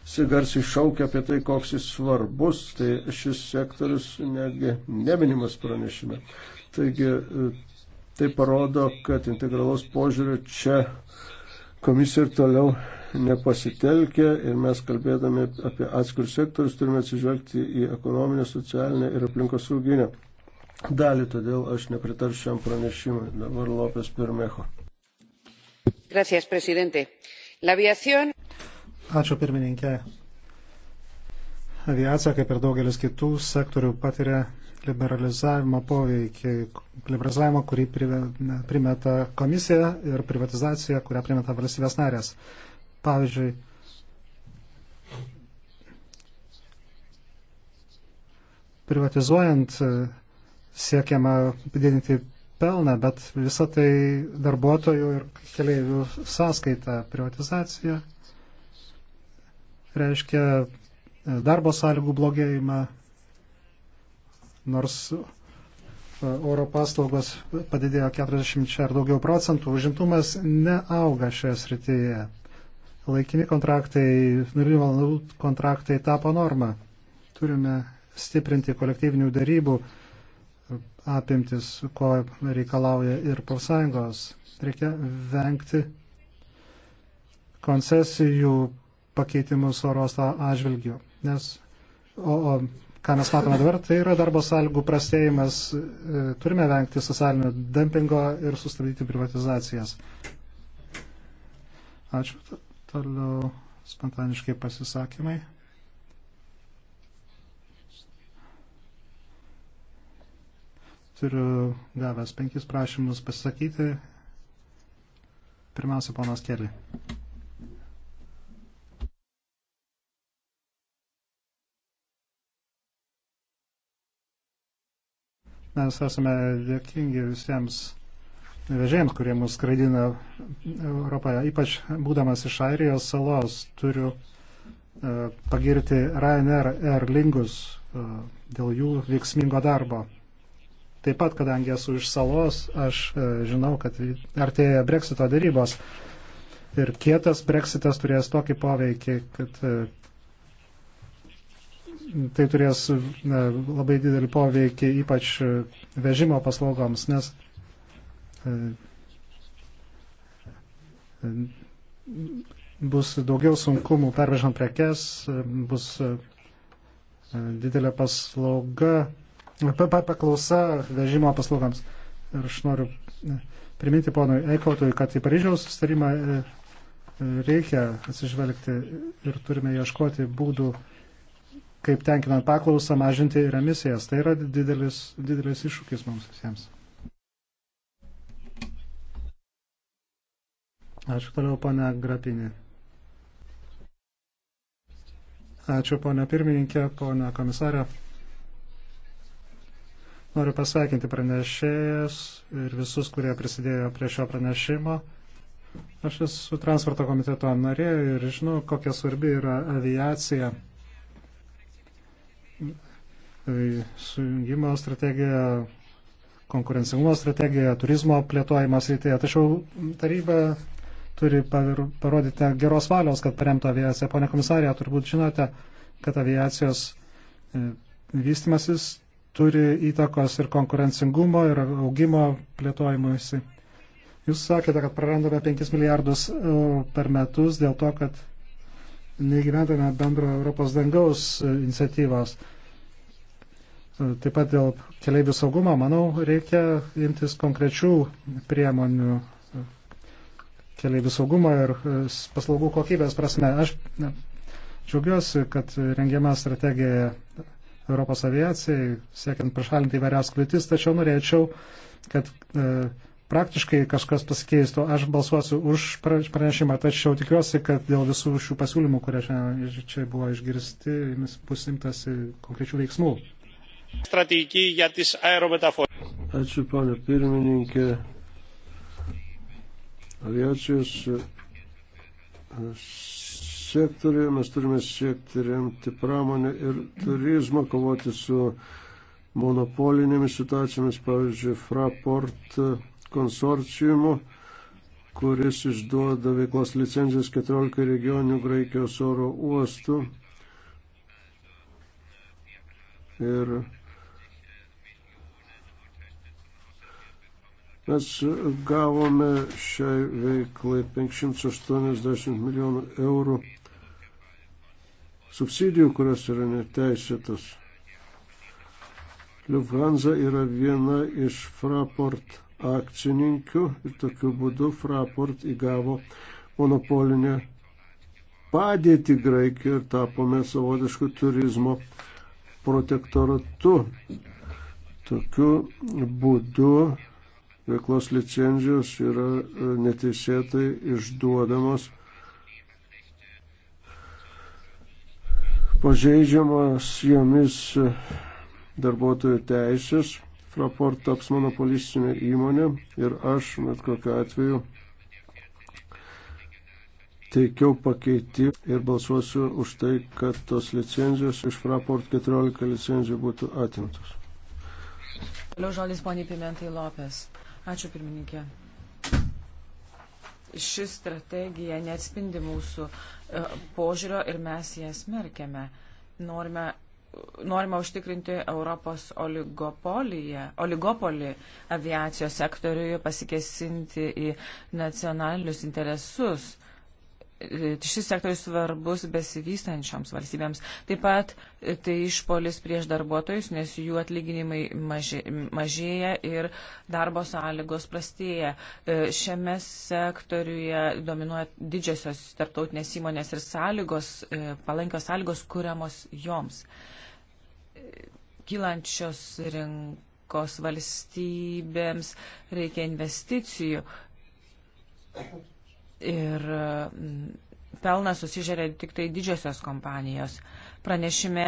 visi garsiai šaukia apie tai, koks jis svarbus, tai šis sektorius netgi neminimas pranešime. Taigi tai parodo, kad integralaus požiūrio čia komisija ir toliau nepasitelkia ir mes kalbėdami apie atskirus sektorius turime atsižvelgti į ekonominę, socialinę ir aplinkosauginę dalį, todėl aš nepritaršiu šiam pranešimui. Dabar Lopės Pirmecho. Gracias, presidente. La aviación Ačiū pirmininkė. Aviacija, kaip ir daugelis kitų sektorių, patiria liberalizavimo poveikį, liberalizavimo, kurį primeta komisija ir privatizacija, kurią primeta valstybės narės. Pavyzdžiui, privatizuojant siekiama didinti pelną, bet visą tai darbuotojų ir keliaivių sąskaita privatizacija reiškia e, darbo sąlygų blogėjimą, nors e, oro paslaugos padidėjo 40 ar daugiau procentų, užimtumas neauga šioje srityje. Laikini kontraktai, nulinių valandų kontraktai tapo norma. Turime stiprinti kolektyvinių darybų e, apimtis, ko reikalauja ir profsąjungos. Reikia vengti koncesijų pakeitimus oro atžvilgių. Nes, o, o ką mes matome dabar, tai yra darbo sąlygų prastėjimas, e, turime vengti socialinio dempingo ir sustabdyti privatizacijas. Ačiū. Toliau spontaniškai pasisakymai. Turiu gavęs penkis prašymus pasisakyti. Pirmiausia, ponas Keli. Mes esame dėkingi visiems vežėjams, kurie mus skraidina Europoje. Ypač būdamas iš Airijos salos turiu e, pagirti Ryanair Air Lingus e, dėl jų veiksmingo darbo. Taip pat, kadangi esu iš salos, aš e, žinau, kad artėja Brexito darybos ir kietas Brexitas turės tokį poveikį, kad tai turės labai didelį poveikį ypač vežimo paslaugoms, nes e, bus daugiau sunkumų pervežant prekes, bus e, didelė paslauga, paklausa vežimo paslaugams. Ir aš noriu e, priminti ponui Eikotui, kad į Paryžiaus sustarimą reikia atsižvelgti ir turime ieškoti būdų kaip tenkinant paklausą, mažinti ir emisijas. Tai yra didelis, didelis iššūkis mums visiems. Ačiū toliau, ponia Grapinė. Ačiū, ponia pirmininkė, ponia komisarė. Noriu pasveikinti pranešėjas ir visus, kurie prisidėjo prie šio pranešimo. Aš esu transporto komiteto narė ir žinau, kokia svarbi yra aviacija Tai sujungimo strategija, konkurencingumo strategija, turizmo plėtojimas rytėje. Tačiau taryba turi parodyti geros valios, kad paremtų aviaciją. Pone komisarė, turbūt žinote, kad aviacijos e, vystimasis turi įtakos ir konkurencingumo, ir augimo plėtojimuisi. Jūs sakėte, kad prarandame 5 milijardus eurų per metus dėl to, kad negyventame bendro Europos dangaus e, iniciatyvos. E, taip pat dėl keliaivių saugumo, manau, reikia imtis konkrečių priemonių e, keliaivių saugumo ir paslaugų kokybės prasme. Aš džiaugiuosi, kad rengiama strategija Europos aviacijai, siekiant pašalinti įvairias kliūtis, tačiau norėčiau, kad e, praktiškai kažkas pasikeistų. Aš balsuosiu už pranešimą, tačiau tikiuosi, kad dėl visų šių pasiūlymų, kurie šiandien čia buvo išgirsti, bus imtasi konkrečių veiksmų. Ačiū, ponė pirmininkė. Aviacijos e, sektoriuje mes turime siekti remti pramonę ir turizmą, kovoti su monopolinėmis situacijomis, pavyzdžiui, Fraport konsorciumu, kuris išduoda veiklos licenzijas 14 regionių Graikijos oro uostų. Ir Mes gavome šiai veiklai 580 milijonų eurų subsidijų, kurios yra neteisėtos. Lufthansa yra viena iš Fraport akcininkių ir tokiu būdu Fraport įgavo monopolinę padėtį Graikijoje ir tapome savotišku turizmo protektoratu. Tokiu būdu veiklos licenzijos yra e, neteisėtai išduodamos pažeidžiamas jomis e, darbuotojų teisės Fraport taps monopolistinė įmonė ir aš, bet kokiu atveju, teikiau pakeitį ir balsuosiu už tai, kad tos licenzijos iš Fraport 14 licenzijų būtų atimtos. Toliau žodis poniai Pimentai Lopes. Ačiū pirmininkė. Ši strategija neatspindi mūsų e, požiūrio ir mes ją smerkėme. Norime norima užtikrinti Europos oligopolį aviacijos sektoriuje, pasikesinti į nacionalinius interesus. Šis sektorius svarbus besivystančioms valstybėms. Taip pat tai išpolis prieš darbuotojus, nes jų atlyginimai mažėja ir darbo sąlygos prastėja. E, šiame sektoriuje dominuoja didžiosios tarptautinės įmonės ir sąlygos, e, palankios sąlygos kuriamos joms kylančios rinkos valstybėms reikia investicijų. Ir mm, pelną susižeria tik tai didžiosios kompanijos. Pranešime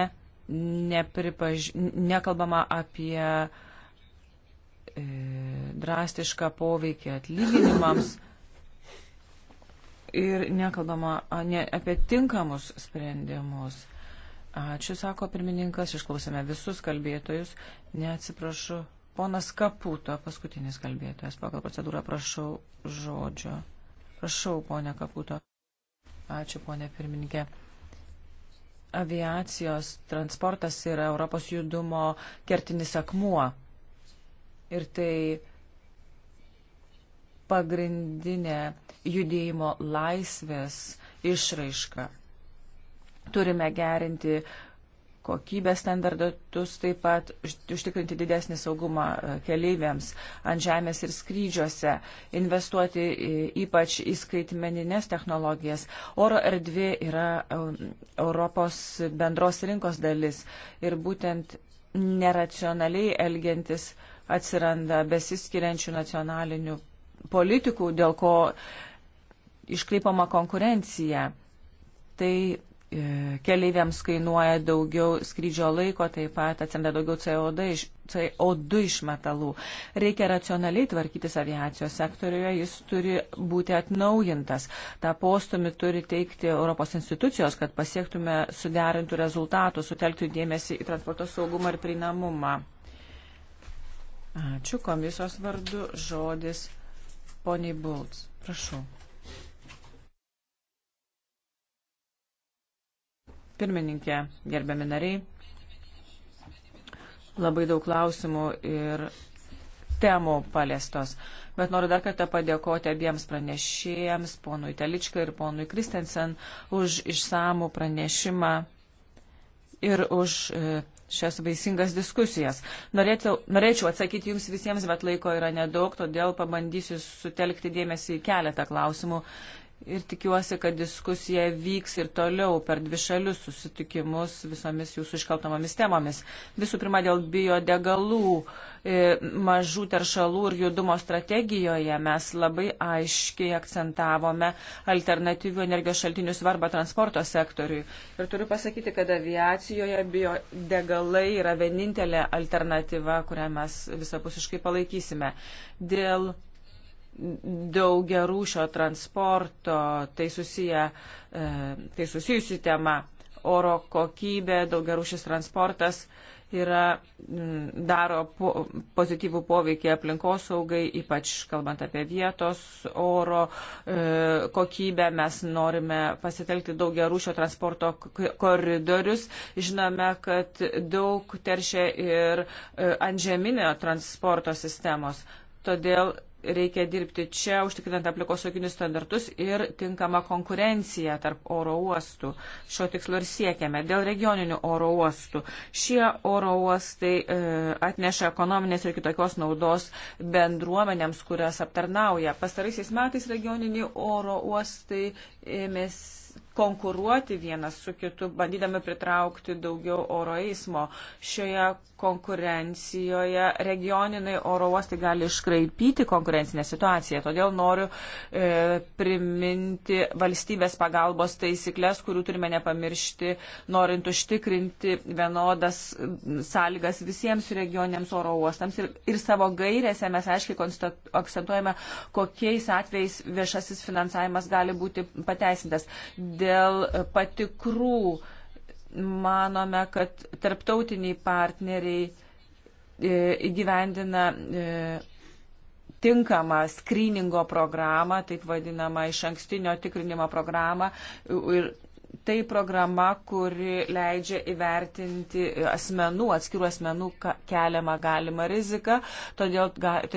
nepripaž... nekalbama apie e, drastišką poveikį atlyginimams ir nekalbama ne, apie tinkamus sprendimus. Ačiū, sako pirmininkas, išklausėme visus kalbėtojus. Neatsiprašau. Ponas Kaputo, paskutinis kalbėtojas, pagal procedūrą prašau žodžio. Prašau, ponė Kaputo. Ačiū, ponė pirmininkė. Aviacijos transportas yra Europos judumo kertinis akmuo. Ir tai pagrindinė judėjimo laisvės išraiška. Turime gerinti kokybės standartus, taip pat užtikrinti didesnį saugumą e, keleiviams ant žemės ir skrydžiuose, investuoti ypač į skaitmeninės technologijas. Oro erdvė yra e, Europos bendros rinkos dalis ir būtent neracionaliai elgiantis atsiranda besiskiriančių nacionalinių politikų, dėl ko iškreipama konkurencija. Tai E, keleiviams kainuoja daugiau skrydžio laiko, taip pat atsenda daugiau CO2 iš, CO2 iš metalų. Reikia racionaliai tvarkytis aviacijos sektoriuje, jis turi būti atnaujintas. Ta postumi turi teikti Europos institucijos, kad pasiektume suderintų rezultatų, sutelktų dėmesį į transporto saugumą ir prieinamumą. Ačiū komisijos vardu, žodis poniai Bults. Prašau. pirmininkė, gerbiami nariai. Labai daug klausimų ir temų paliestos. Bet noriu dar kartą padėkoti abiems pranešėjams, ponui Teličką ir ponui Kristensen, už išsamų pranešimą ir už e, šias vaisingas diskusijas. Norėčiau, norėčiau atsakyti jums visiems, bet laiko yra nedaug, todėl pabandysiu sutelkti dėmesį į keletą klausimų ir tikiuosi, kad diskusija vyks ir toliau per dvišalius susitikimus visomis jūsų iškaltamomis temomis. Visų pirma, dėl biodegalų, e, mažų teršalų ir judumo strategijoje mes labai aiškiai akcentavome alternatyvių energijos šaltinių svarbą transporto sektoriui. Ir turiu pasakyti, kad aviacijoje biodegalai yra vienintelė alternatyva, kurią mes visapusiškai palaikysime. Dėl daugia rūšio transporto, tai, susiję, e, tai susijusi tema. Oro kokybė, daugia rūšis transportas yra, daro po, pozityvų poveikį aplinkosaugai, ypač kalbant apie vietos oro e, kokybę. Mes norime pasitelkti daugia rūšio transporto koridorius. Žinome, kad daug teršia ir e, antžeminio transporto sistemos. Todėl reikia dirbti čia, užtikrinant aplikosauginius standartus ir tinkamą konkurenciją tarp oro uostų. Šio tikslo ir siekiame. Dėl regioninių oro uostų. Šie oro uostai e, atneša ekonominės ir kitokios naudos bendruomenėms, kurias aptarnauja. Pastaraisiais metais regioniniai oro uostai ėmėsi konkuruoti vienas su kitu, bandydami pritraukti daugiau oro eismo. Šioje konkurencijoje regioniniai oro uostai gali iškraipyti konkurencinę situaciją. Todėl noriu e, priminti valstybės pagalbos taisyklės, kurių turime nepamiršti, norint užtikrinti vienodas sąlygas visiems regioniniams oro uostams. Ir, ir savo gairėse mes aiškiai akcentuojame, kokiais atvejais viešasis finansavimas gali būti pateisintas. Dėl patikrų manome, kad tarptautiniai partneriai e, įgyvendina e, tinkamą skryningo programą, taip vadinamą iš ankstinio tikrinimo programą ir tai programa, kuri leidžia įvertinti asmenų, atskirų asmenų keliamą galimą riziką, todėl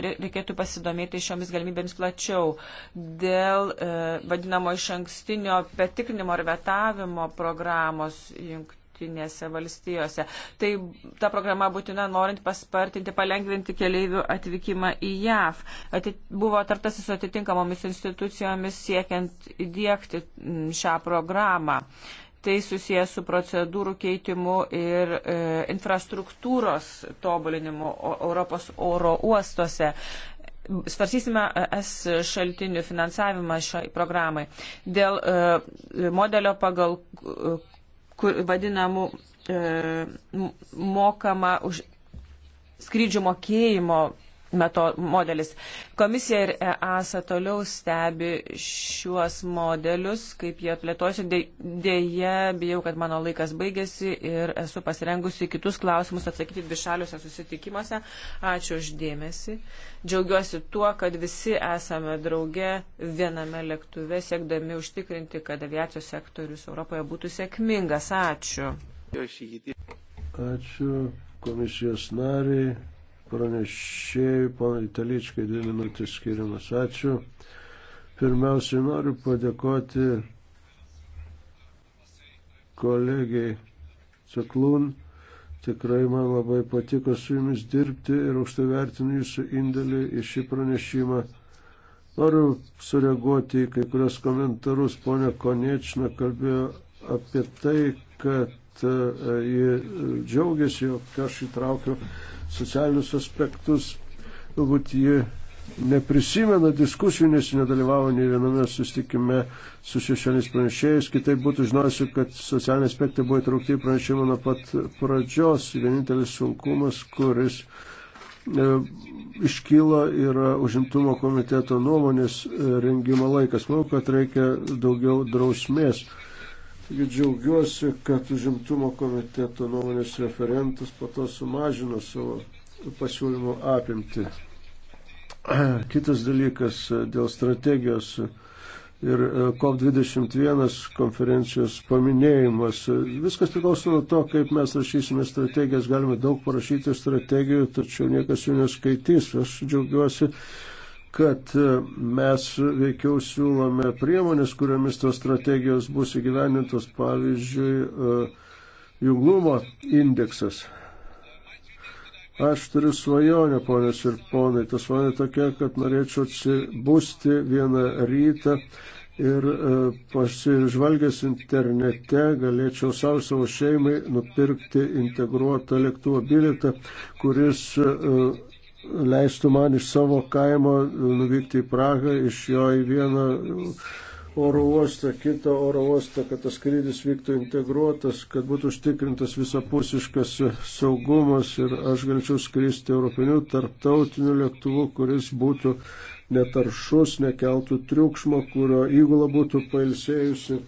reikėtų pasidomėti šiomis galimybėms plačiau. Dėl e, vadinamo iš ankstinio patikrinimo ir vetavimo programos jungti jungtinėse valstijose. Tai ta programa būtina norint paspartinti, palengvinti keleivių atvykimą į JAV. Atit, buvo tartasi su atitinkamomis institucijomis siekiant įdėkti šią programą. Tai susijęs su procedūrų keitimu ir e, infrastruktūros tobulinimu Europos oro uostuose svarsysime e, es šaltinių finansavimą šiai programai. Dėl e, modelio, pagal e, kur vadinamų e, mokama už skrydžių mokėjimo meto, modelis. Komisija ir EASA toliau stebi šiuos modelius, kaip jie plėtosi. Deja, bijau, kad mano laikas baigėsi ir esu pasirengusi kitus klausimus atsakyti dvišaliuose susitikimuose. Ačiū uždėmesi. Džiaugiuosi tuo, kad visi esame drauge viename lėktuve, siekdami užtikrinti, kad aviacijos sektorius Europoje būtų sėkmingas. Ačiū. Ačiū komisijos nariai pranešėjai, ponai Taličkai, dvi minutės skiriamas. Ačiū. Pirmiausiai noriu padėkoti kolegiai Ceklūn. Tikrai man labai patiko su jumis dirbti ir aukštai vertinu jūsų indėlį į šį pranešimą. Noriu sureaguoti į kai kurios komentarus. Pone Konečna kalbėjo apie tai, kad e, ji džiaugiasi, jog aš įtraukiu socialinius aspektus. Galbūt ji neprisimena diskusijų, nes nedalyvavo nei viename sustikime su šešėliais pranešėjais. Kitaip būtų žinojusi, kad socialiniai aspektai buvo įtraukti į pranešimą nuo pat pradžios. Vienintelis sunkumas, kuris e, iškyla, yra užimtumo komiteto nuomonės rengimo laikas. Manau, kad reikia daugiau drausmės Taigi džiaugiuosi, kad užimtumo komiteto nuomonės referentas po to sumažino savo pasiūlymų apimti. Kitas dalykas dėl strategijos ir e, COP21 konferencijos paminėjimas. Viskas priklauso nuo to, kaip mes rašysime strategijas. Galime daug parašyti strategijų, tačiau niekas jų neskaitys. Aš džiaugiuosi, kad e, mes veikiau siūlome priemonės, kuriomis tos strategijos bus įgyvenintos, pavyzdžiui, e, junglumo indeksas. Aš turiu svajonę, ponės ir ponai. Ta svajonė tokia, kad norėčiau atsibusti vieną rytą ir e, pasižvalgęs internete galėčiau savo savo šeimai nupirkti integruotą lėktuvo bilietą, kuris leistų man iš savo kaimo nuvykti į Pragą, iš jo į vieną oro uostą, kitą oro uostą, kad tas skrydis vyktų integruotas, kad būtų užtikrintas visapusiškas saugumas ir aš galčiau skristi europiniu tarptautiniu lėktuvu, kuris būtų netaršus, nekeltų triukšmo, kurio įgula būtų pailsėjusi.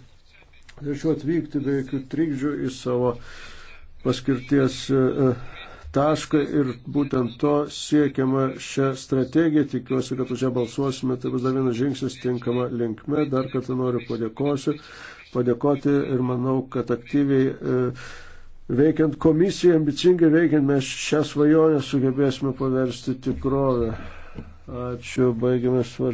Tačiau atvykti be jokių trikdžių į savo paskirties e, tašką ir būtent to siekiama šią strategiją. Tikiuosi, kad už ją balsuosime. Tai bus dar vienas žingsnis tinkama linkme. Dar kartą noriu padėkosiu, padėkoti ir manau, kad aktyviai e, veikiant komisiją, ambicingai veikiant, mes šią svajonę sugebėsime paversti tikrovę. Ačiū, baigiame svarstyti.